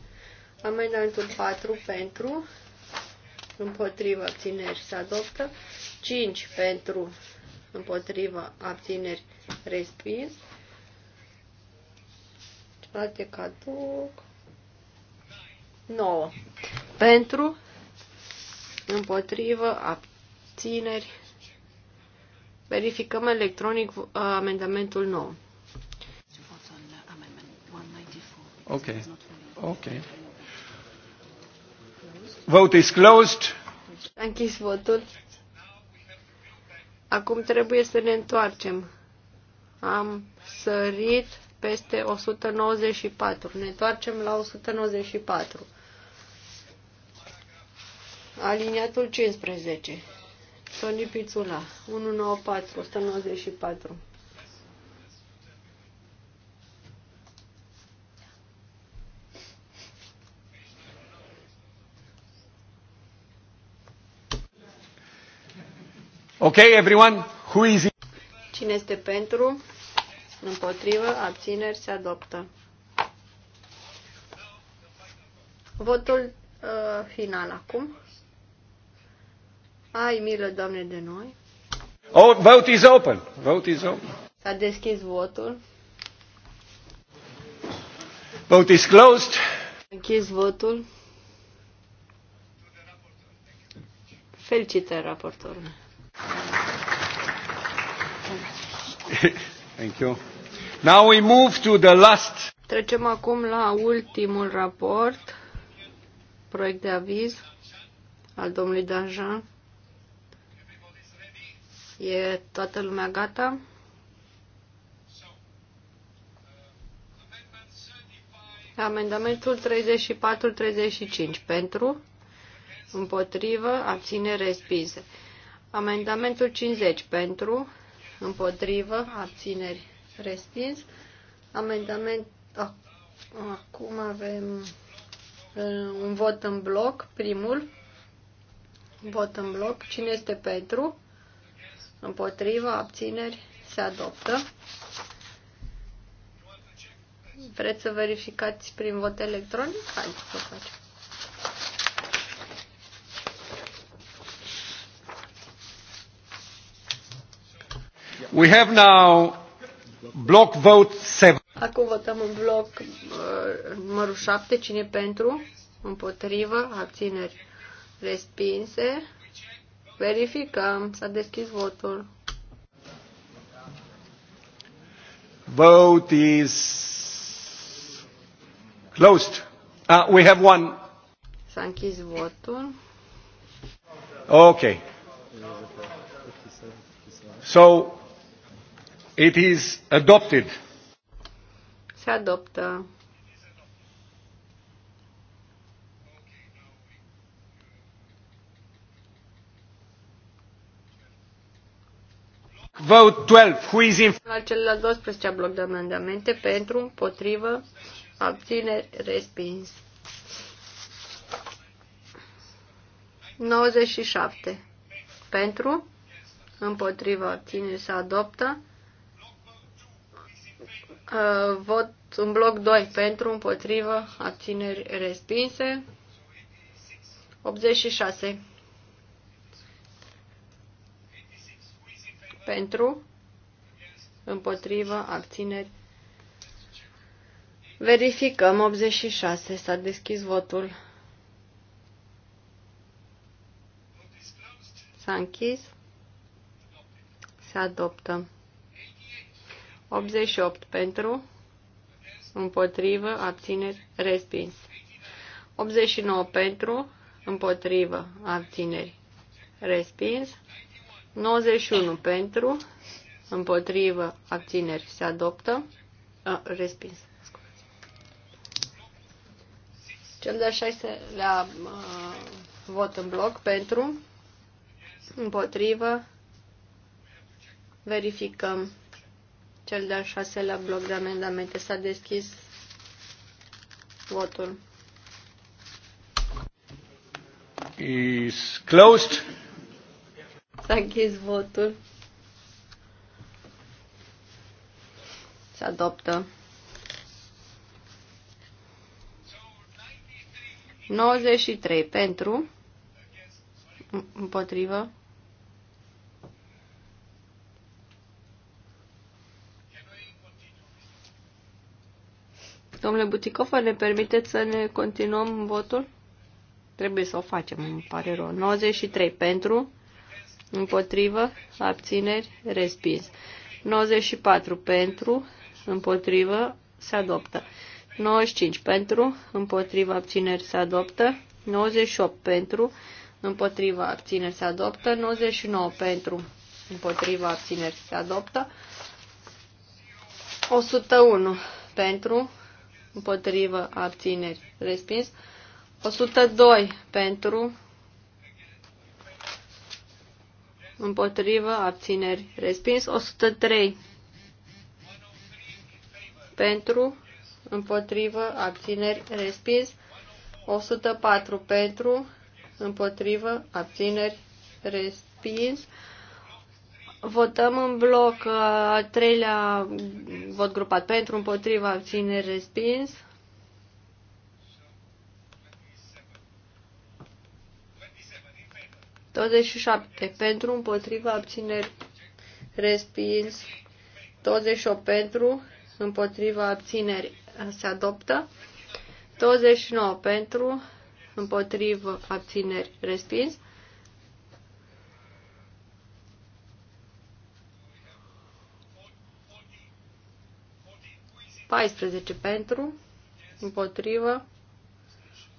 Amendamentul 4 pentru, împotrivă, abțineri, se adoptă. 5 pentru, împotrivă, abțineri, respins. Celelalte caduc. 9. Pentru, împotrivă, abțineri. Verificăm electronic uh, amendamentul 9. Okay. Okay. Vote is closed. închis votul. Acum trebuie să ne întoarcem. Am sărit peste 194. Ne întoarcem la 194. Aliniatul 15. Toni Pițula. 194. 194. Ok, everyone, who is it? Cine este pentru? Împotrivă, abțineri, se adoptă. Votul uh, final acum. Ai milă, Doamne, de noi. Oh, vote is open. Vote is open. S-a deschis votul. Vote is closed. Închis votul. Felicitări, raportorul. Thank you. Now we move to the last. Trecem acum la ultimul raport, proiect de aviz al domnului Danjean. E toată lumea gata? Amendamentul 34-35 pentru, împotrivă, abține, respinse. Amendamentul 50 pentru, împotrivă, abțineri, respins. Amendament, acum avem uh, un vot în bloc, primul, vot în bloc, cine este pentru, împotrivă, abțineri, se adoptă. Vreți să verificați prin vot electronic? Haideți să facem. We have now block vote 7. Acum votăm în bloc uh, numărul 7. Cine pentru? Împotrivă? Abțineri? Respinse? Verificăm. S-a deschis votul. Vote is closed. Uh, we have one. S-a închis votul. Ok. So It is adopted. Se adoptă. Vote 12. Who is in... Al celălalt 12 bloc de amendamente pentru, împotrivă, abține, respins. 97. Pentru, împotrivă, abține, se adoptă. Uh, vot în bloc 2 pentru, împotrivă, abțineri respinse. 86 pentru, împotrivă, abțineri. Verificăm 86. S-a deschis votul. S-a închis. Se adoptă. 88 pentru, împotrivă, abțineri, respins. 89 pentru, împotrivă, abțineri, respins. 91 pentru, împotrivă, abțineri, se adoptă, a, respins. Cel de-al șaselea vot în bloc pentru, împotrivă, verificăm cel de-al șaselea bloc de amendamente. S-a deschis votul. Is closed. S-a închis votul. Se adoptă. 93 pentru, împotrivă, Domnule Buticofa, ne permiteți să ne continuăm votul? Trebuie să o facem, îmi pare rău. 93 pentru, împotrivă, abțineri, respins. 94 pentru, împotrivă, se adoptă. 95 pentru, împotrivă, abțineri, se adoptă. 98 pentru, împotrivă, abțineri, se adoptă. 99 pentru, împotrivă, abțineri, se adoptă. 101 pentru, împotrivă, abțineri, respins. 102 pentru, împotrivă, abțineri, respins. 103 pentru, împotrivă, abțineri, respins. 104 pentru, împotrivă, abțineri, respins. Votăm în bloc uh, al treilea vot grupat pentru, împotriva, abțineri, respins. Douăzeci șapte pentru, împotriva, abțineri, respins. 28 pentru, împotriva, abțineri, se adoptă. 29 pentru, împotriva abțineri, respins. 14 pentru, împotrivă,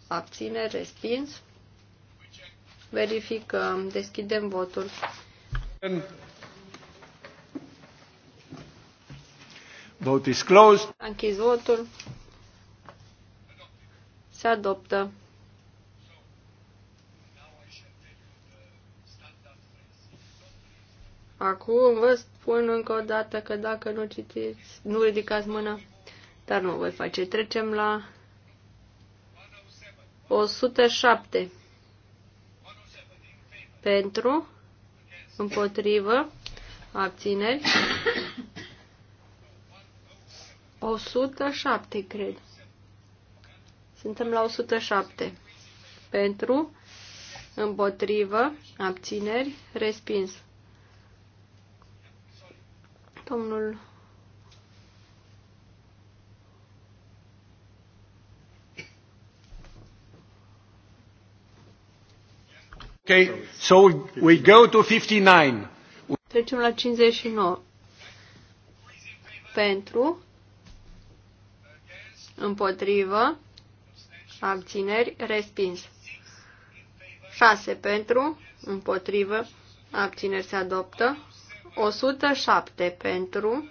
abține, respins. Verificăm, deschidem votul. Vote is closed. închis votul. Se adoptă. Acum vă spun încă o dată că dacă nu citiți, nu ridicați mâna, dar nu voi face. Trecem la 107. Pentru, împotrivă, abțineri. 107, cred. Suntem la 107. Pentru, împotrivă, abțineri, respins. Domnul Okay, so we go to 59. Trecem la 59. Pentru, împotrivă, abțineri, respins. 6 pentru, împotrivă, abțineri se adoptă. 107 pentru,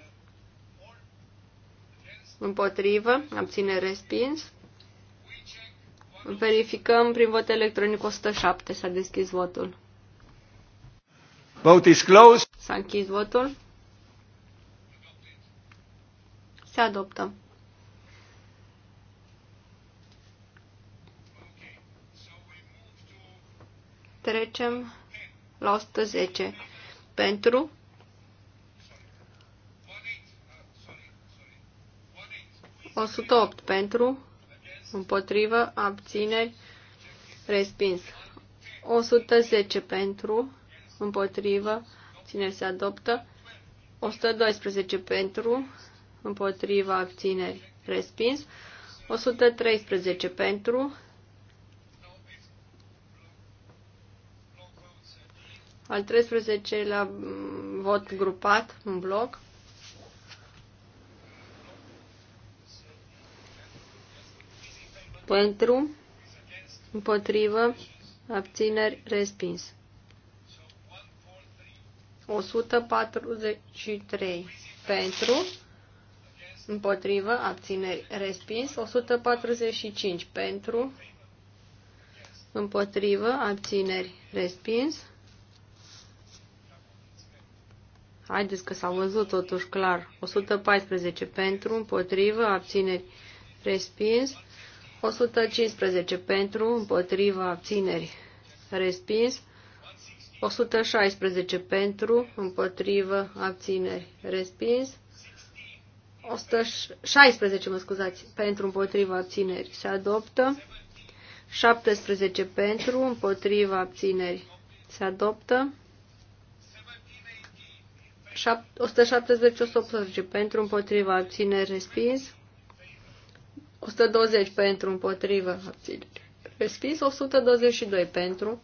împotrivă, abțineri, respins. Verificăm prin vot electronic 107. S-a deschis votul. Vote is closed. S-a închis votul. Se adoptă. Trecem la 110. Pentru. Sorry. 108 pentru împotrivă, abțineri, respins. 110 pentru, împotrivă, abțineri se adoptă. 112 pentru, împotrivă, abțineri, respins. 113 pentru, al 13 la vot grupat, în bloc, Pentru, împotrivă, abțineri, respins. 143 pentru, împotrivă, abțineri, respins. 145 pentru, împotrivă, abțineri, respins. Haideți că s-a văzut totuși clar. 114 pentru, împotrivă, abțineri, respins. 115 pentru, împotriva abțineri respins. 116 pentru, împotrivă, abțineri, respins. 116, mă scuzați, pentru, împotriva, abțineri, se adoptă. 17 pentru, împotriva, abțineri, se adoptă. 170-118 pentru, împotriva abțineri, respins. 120 pentru împotriva abținere. Respins 122 pentru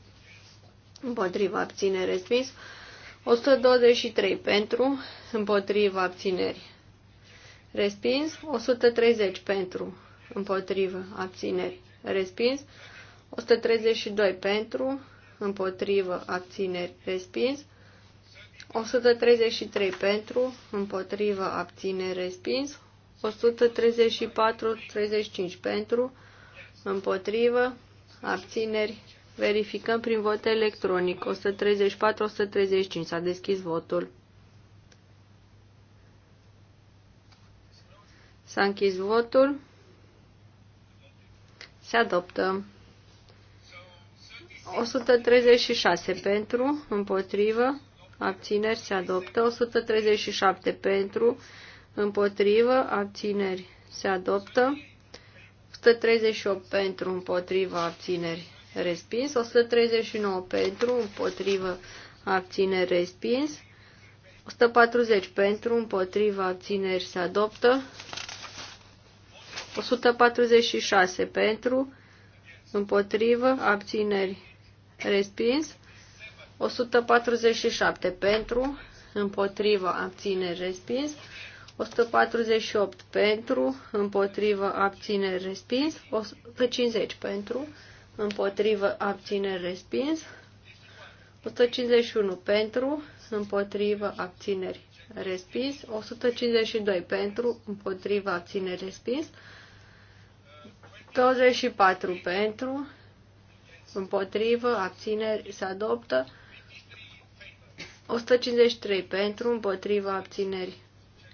împotriva abținere. Respins 123 pentru împotriva abțineri. Respins 130 pentru împotriva abțineri. Respins 132 pentru împotriva abțineri. Respins 133 pentru, împotrivă, abțineri. respins. 134-35 pentru, împotrivă, abțineri, verificăm prin vot electronic. 134-135 s-a deschis votul. S-a închis votul. Se adoptă. 136 pentru, împotrivă, abțineri se adoptă. 137 pentru, împotrivă, abțineri se adoptă. 138 pentru, împotrivă, abțineri respins. 139 pentru, împotrivă, abțineri respins. 140 pentru, împotrivă, abțineri se adoptă. 146 pentru, împotrivă, abțineri respins. 147 pentru, împotrivă, abțineri respins. 148 pentru, împotrivă, abțineri, respins. 150 pentru, împotrivă, abțineri, respins. 151 pentru, împotrivă, abțineri, respins. 152 pentru, împotrivă, abțineri, respins. 24 pentru, împotrivă, abțineri, se adoptă. 153 pentru, împotrivă, abțineri,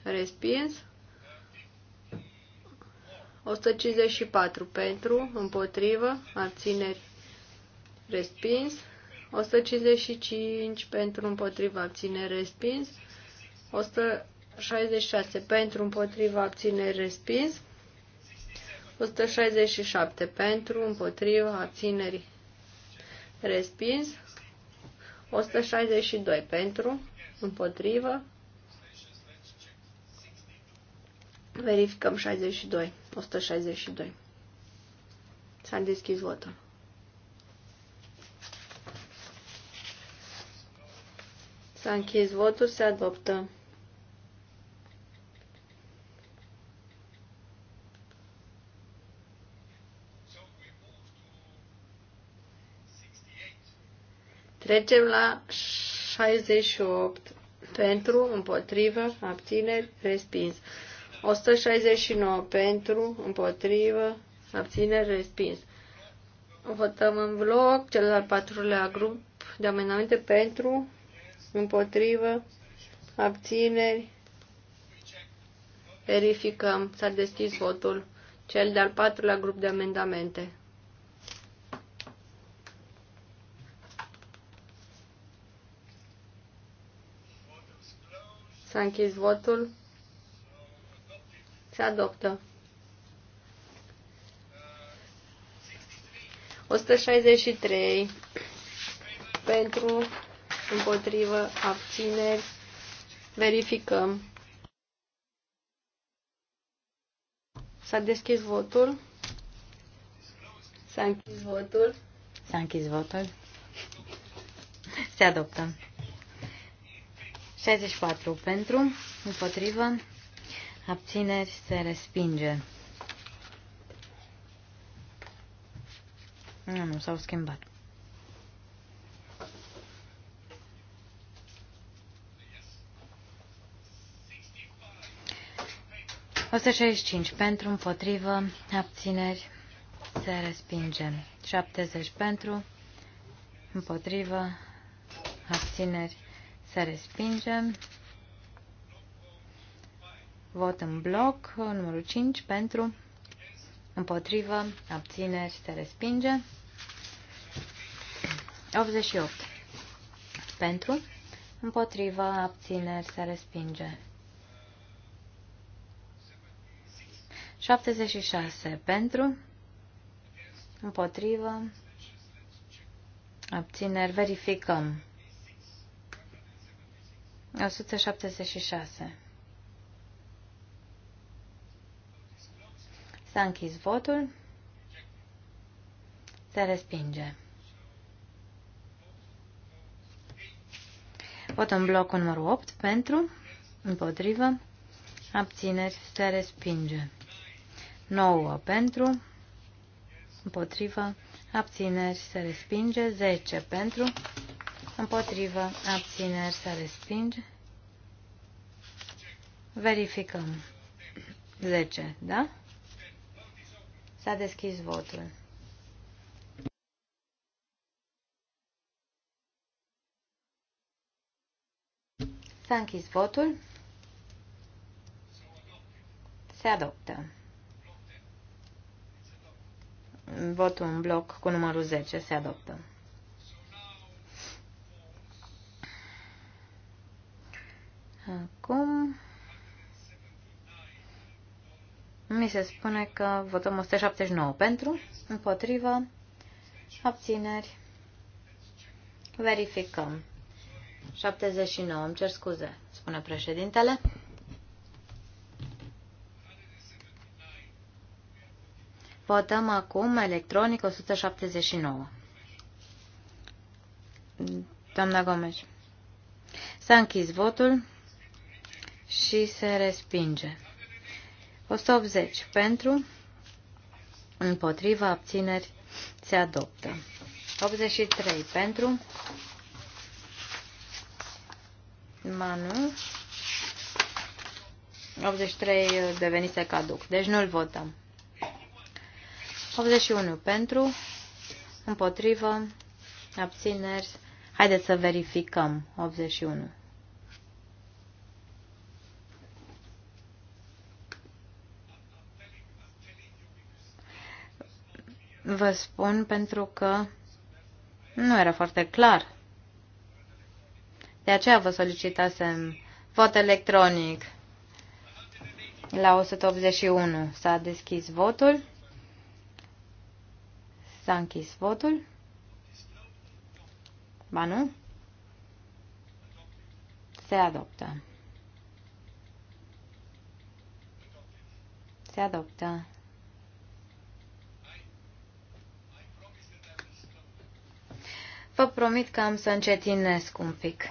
Respins. 154 pentru, împotrivă, abțineri, respins. 155 pentru, împotrivă, abțineri, respins. 166 pentru, împotrivă, abțineri, respins. 167 pentru, împotrivă, abțineri, respins. 162 pentru, împotrivă, Verificăm 62, 162. S-a deschis votul. S-a închis votul, se adoptă. Trecem la 68. Pentru, împotrivă, abțineri, respins. 169 pentru, împotrivă, abțineri, respins. Votăm în bloc cel de-al patrulea grup de amendamente pentru, împotrivă, abțineri. Verificăm. S-a deschis votul. Cel de-al patrulea grup de amendamente. S-a închis votul. Se adoptă. 163 pentru, împotrivă, abțineri, verificăm. S-a deschis votul. S-a închis votul. S-a închis votul. Se adoptă. 64 pentru, împotrivă, abțineri, se respinge. Nu, nu s-au schimbat. O 165 pentru, împotrivă, abțineri, se respinge. 70 pentru, împotrivă, abțineri, se respinge. Vot în bloc, numărul 5 pentru, împotrivă, abțineri, se respinge. 88 pentru, împotrivă, abțineri, se respinge. 76 pentru, împotrivă, abțineri, verificăm. 176. S-a închis votul. Se respinge. Vot în bloc numărul 8 pentru, împotrivă, abțineri, se respinge. 9 pentru, împotrivă, abțineri, se respinge. 10 pentru, împotrivă, abțineri, se respinge. Verificăm. 10, da? S-a deschis votul. S-a închis votul. Se adoptă. Votul în bloc cu numărul 10 se adoptă. Acum... mi se spune că votăm 179 pentru, împotrivă, abțineri, verificăm. 79, îmi cer scuze, spune președintele. Votăm acum electronic 179. Doamna Gomes. S-a închis votul și se respinge. 180 pentru, împotriva abțineri se adoptă. 83 pentru Manu 83 devenise caduc, deci nu-l votăm. 81 pentru, împotrivă, abțineri. Haideți să verificăm 81. Vă spun pentru că nu era foarte clar. De aceea vă solicitasem vot electronic. La 181 s-a deschis votul. S-a închis votul. Ba nu? Se adoptă. Se adoptă. Vă promit că am să încetinesc un pic.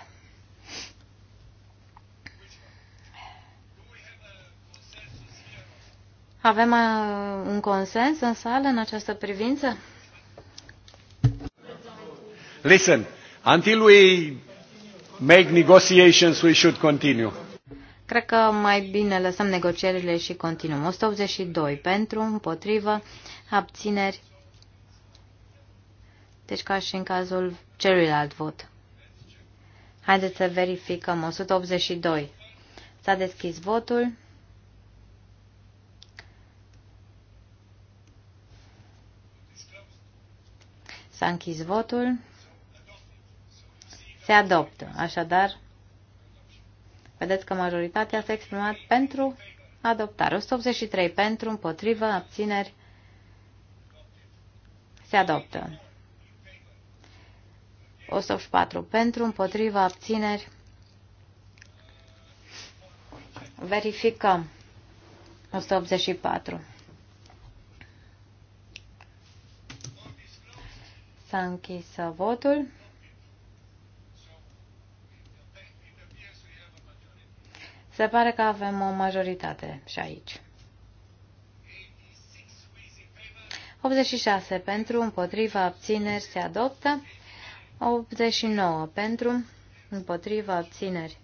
Avem uh, un consens în sală în această privință? Listen, until we make negotiations, we should continue. Cred că mai bine lăsăm negocierile și continuăm. 182 pentru, împotrivă, abțineri, deci ca și în cazul celuilalt vot. Haideți să verificăm. 182. S-a deschis votul. S-a închis votul. Se adoptă. Așadar, vedeți că majoritatea s-a exprimat pentru adoptare. 183 pentru, împotrivă, abțineri. Se adoptă. 184 pentru, împotriva abțineri. Verificăm. 184. S-a închis uh, votul. Se pare că avem o majoritate și aici. 86 pentru, împotriva, abțineri, se adoptă. 89 pentru, împotriva abțineri.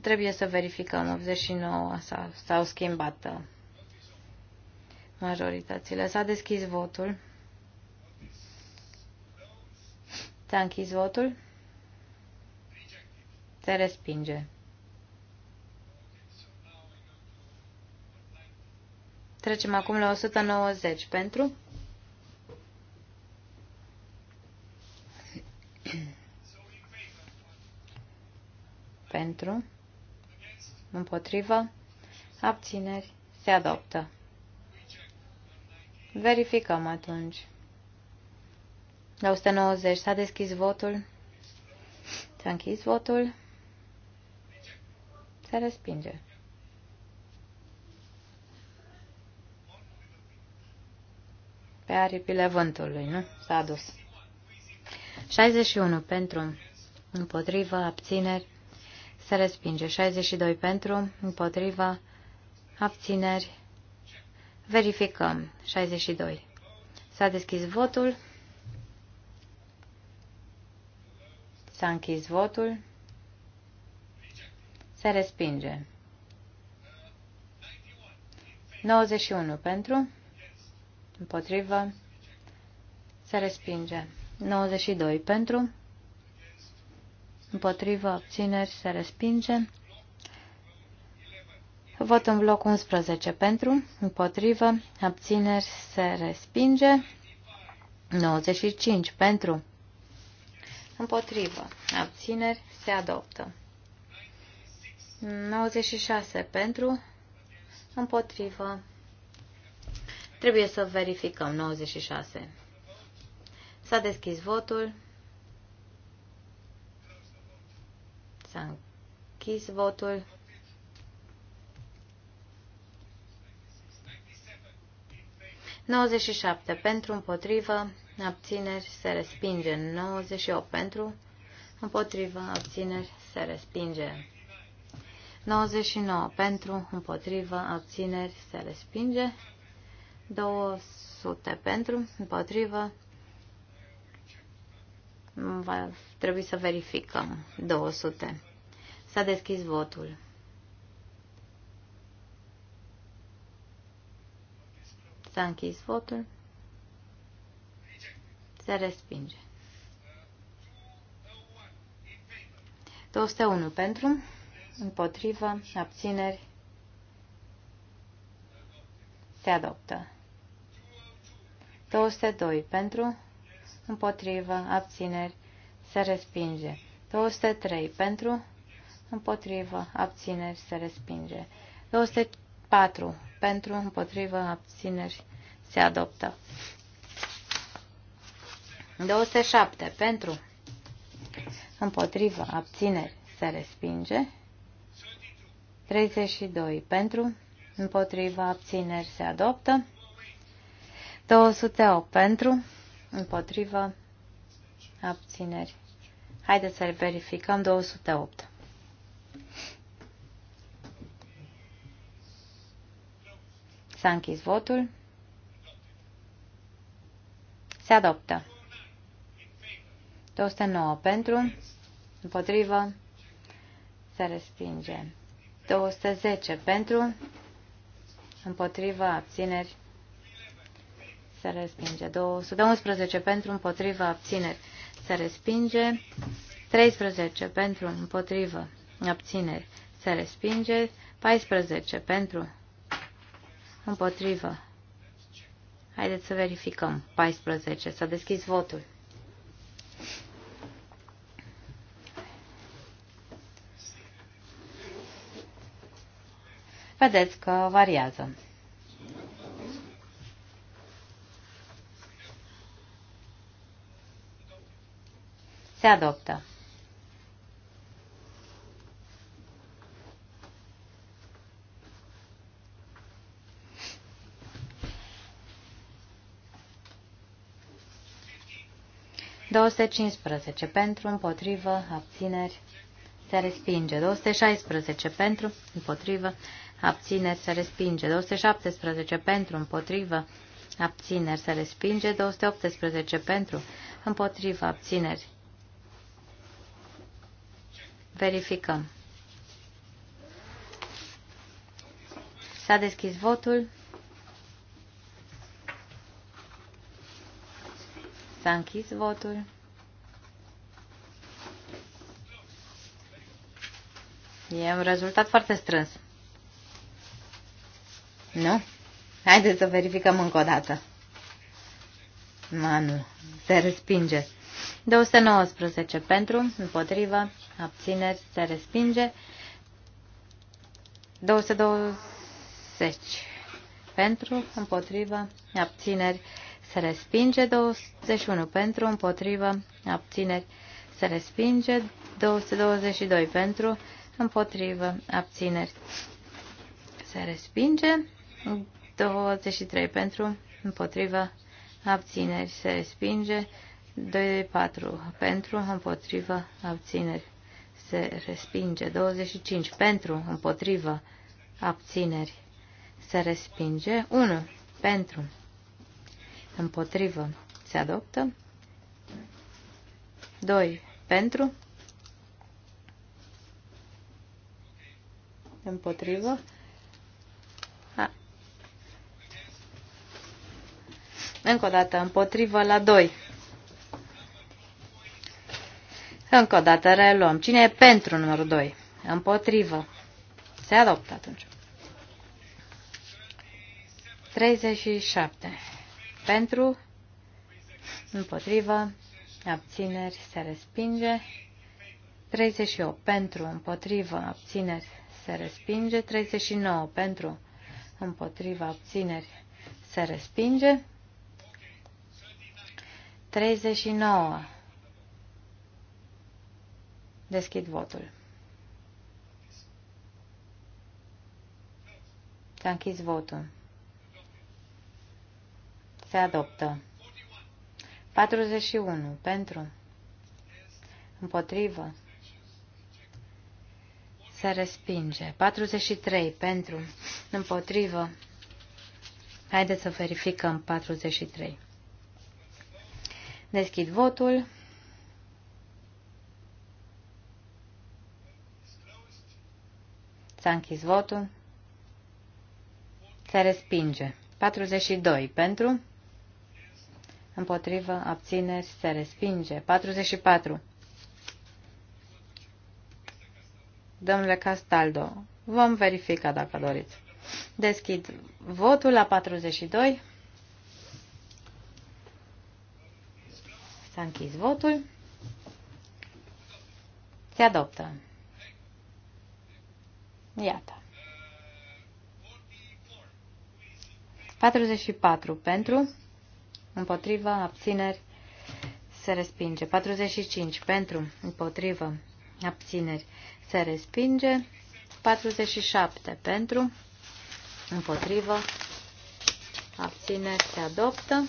Trebuie să verificăm 89 s au schimbat uh, majoritățile. S-a deschis votul. S-a închis votul. Se respinge. Trecem acum la 190 pentru pentru, împotrivă, abțineri, se adoptă. Verificăm atunci. La 190 s-a deschis votul. S-a închis votul. Se respinge. Pe aripile vântului, nu? S-a dus. 61 pentru împotrivă abțineri se respinge. 62 pentru, împotriva, abțineri. Verificăm. 62. S-a deschis votul. S-a închis votul. Se respinge. 91 pentru, împotrivă, se respinge. 92 pentru, împotrivă, abțineri, se respinge. Vot în bloc 11 pentru, împotrivă, abțineri, se respinge. 95 pentru, împotrivă, abțineri, se adoptă. 96 pentru, împotrivă. Trebuie să verificăm 96. S-a deschis votul. S-a închis votul. Nouăzeci șapte pentru împotrivă, abțineri se respinge. 98 pentru împotrivă, abțineri se respinge. 99 pentru împotrivă, abțineri se respinge. 200 pentru împotrivă, va Trebuie să verificăm. 200. S-a deschis votul. S-a închis votul. Se respinge. 201 pentru, împotrivă, abțineri, se adoptă. 202 pentru, împotrivă, abțineri, se respinge. 203 pentru, împotrivă, abțineri, se respinge. 204 pentru, împotrivă, abțineri, se adoptă. 207 pentru, împotrivă, abțineri, se respinge. 32 pentru, împotrivă, abțineri, se adoptă. 208 pentru, împotrivă, abțineri. Haideți să verificăm. 208. S-a închis votul. Se adoptă. 209 pentru, împotrivă, se respinge. 210 pentru, împotrivă, abțineri, se respinge. 211 pentru, împotrivă, abțineri, se respinge. 13 pentru, împotrivă, abțineri, se respinge. 14 pentru, împotrivă. Haideți să verificăm. 14. S-a deschis votul. Vedeți că variază. Se adoptă. cincisprezece pentru, împotrivă, abțineri, se respinge. 216 pentru, împotrivă, abțineri, se respinge. 217 pentru, împotrivă, abțineri, se respinge. 218 pentru, împotrivă, abțineri, Verificăm. S-a deschis votul. S-a închis votul. E un rezultat foarte strâns. Nu? Haideți să verificăm încă o dată. Manu, te Se respinge. 219 pentru, împotrivă, abțineri, se respinge. 220 pentru, împotrivă, abțineri, se respinge. 21 pentru, împotrivă, abțineri, se respinge. 222 pentru, împotrivă, abțineri, se respinge. 23 pentru, împotrivă, abțineri, se respinge. 24. pentru, împotrivă, abțineri se respinge. 25 pentru, împotrivă, abțineri se respinge. 1 pentru, împotrivă, se adoptă. 2 pentru, împotrivă. Încă o dată, împotrivă la 2. Încă o dată reluăm. Cine e pentru numărul 2? Împotrivă. Se adoptă atunci. 37. Pentru, împotrivă, abțineri, se respinge. 38. Pentru, împotrivă, abțineri, se respinge. 39. Pentru, împotrivă, abțineri, se respinge. 39. Deschid votul. S-a închis votul. Se adoptă. 41. Pentru. Împotrivă. Se respinge. 43. Pentru. Împotrivă. Haideți să verificăm 43. Deschid votul. ți a închis votul. Se respinge. 42 pentru. Împotrivă, abțineri, se respinge. 44. Domnule Castaldo, vom verifica dacă doriți. Deschid votul la 42. S-a închis votul. Se adoptă. Iată. 44 pentru, împotriva, abțineri, se respinge. 45 pentru, împotrivă, abțineri, se respinge. 47 pentru, împotrivă, abțineri, se adoptă.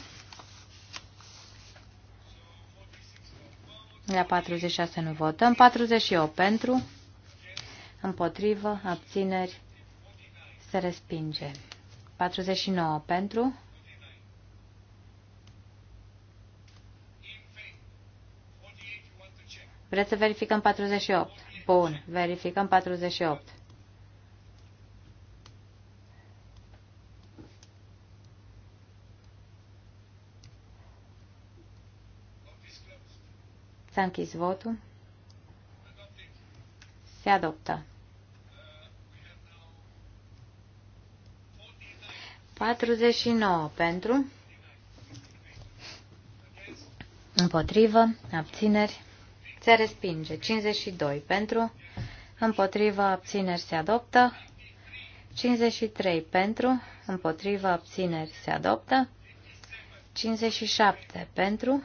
La 46 nu votăm. 48 pentru, împotrivă, abțineri, se respinge. 49 pentru, Vreți să verificăm 48? Bun, verificăm 48. S-a închis votul. Se adoptă. 49 pentru, împotrivă, abțineri, se respinge. 52 pentru, împotrivă, abțineri, se adoptă. 53 pentru, împotrivă, abțineri, se adoptă. 57 pentru,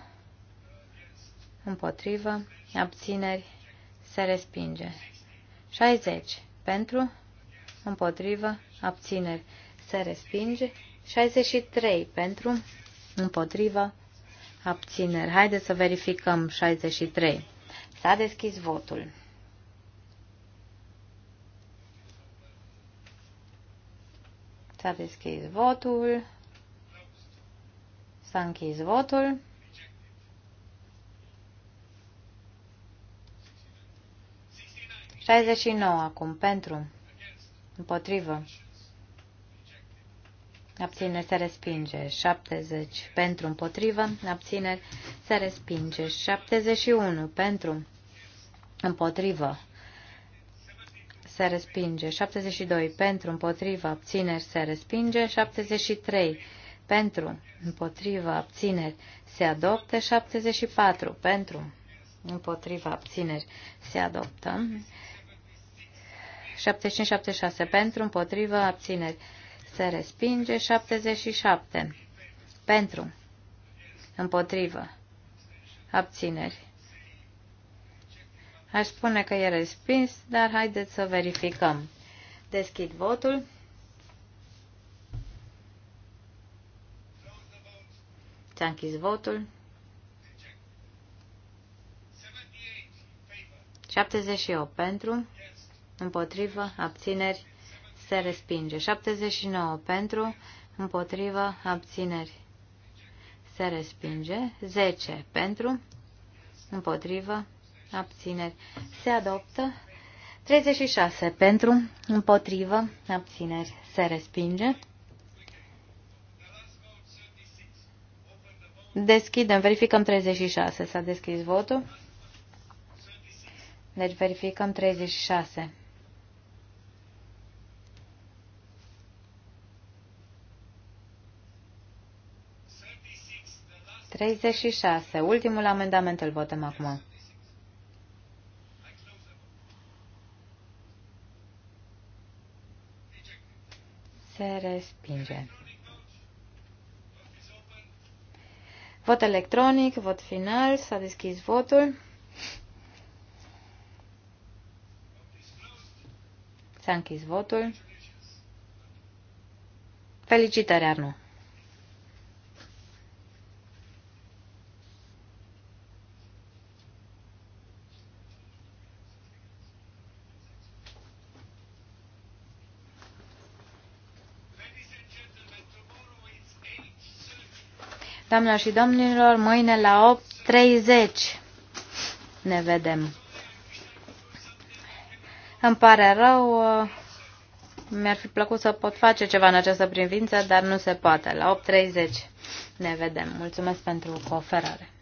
împotrivă, abțineri, se respinge. 60 pentru, împotrivă, abțineri, se respinge. 63 pentru, împotrivă, abțineri. Haideți să verificăm 63. S-a deschis votul. S-a deschis votul. S-a închis votul. 69 acum pentru. Împotrivă. Abțineri se respinge. 70 pentru împotrivă. Abțineri se respinge. 71 pentru împotrivă. Se respinge. 72 pentru împotrivă. Abțineri se respinge. 73 pentru împotrivă. Abțineri se adoptă. 74 pentru împotriva abțineri se adoptă. 75-76 pentru, împotrivă, abțineri. Se respinge 77 pentru, împotrivă, abțineri. Aș spune că e respins, dar haideți să verificăm. Deschid votul. Ți-a închis votul. 78 pentru, împotrivă, abțineri, se respinge. 79 pentru, împotrivă, abțineri, se respinge. 10 pentru, împotrivă, abțineri, se adoptă. 36 pentru, împotrivă, abțineri, se respinge. Deschidem, verificăm 36. S-a deschis votul. Deci verificăm 36. 36. Ultimul amendament îl votăm acum. Se respinge. Vot electronic, vot final, s-a deschis votul. S-a închis votul. Felicitări, Arnu! Doamnelor și domnilor, mâine la 8.30 ne vedem. Îmi pare rău, mi-ar fi plăcut să pot face ceva în această privință, dar nu se poate. La 8.30 ne vedem. Mulțumesc pentru cooperare.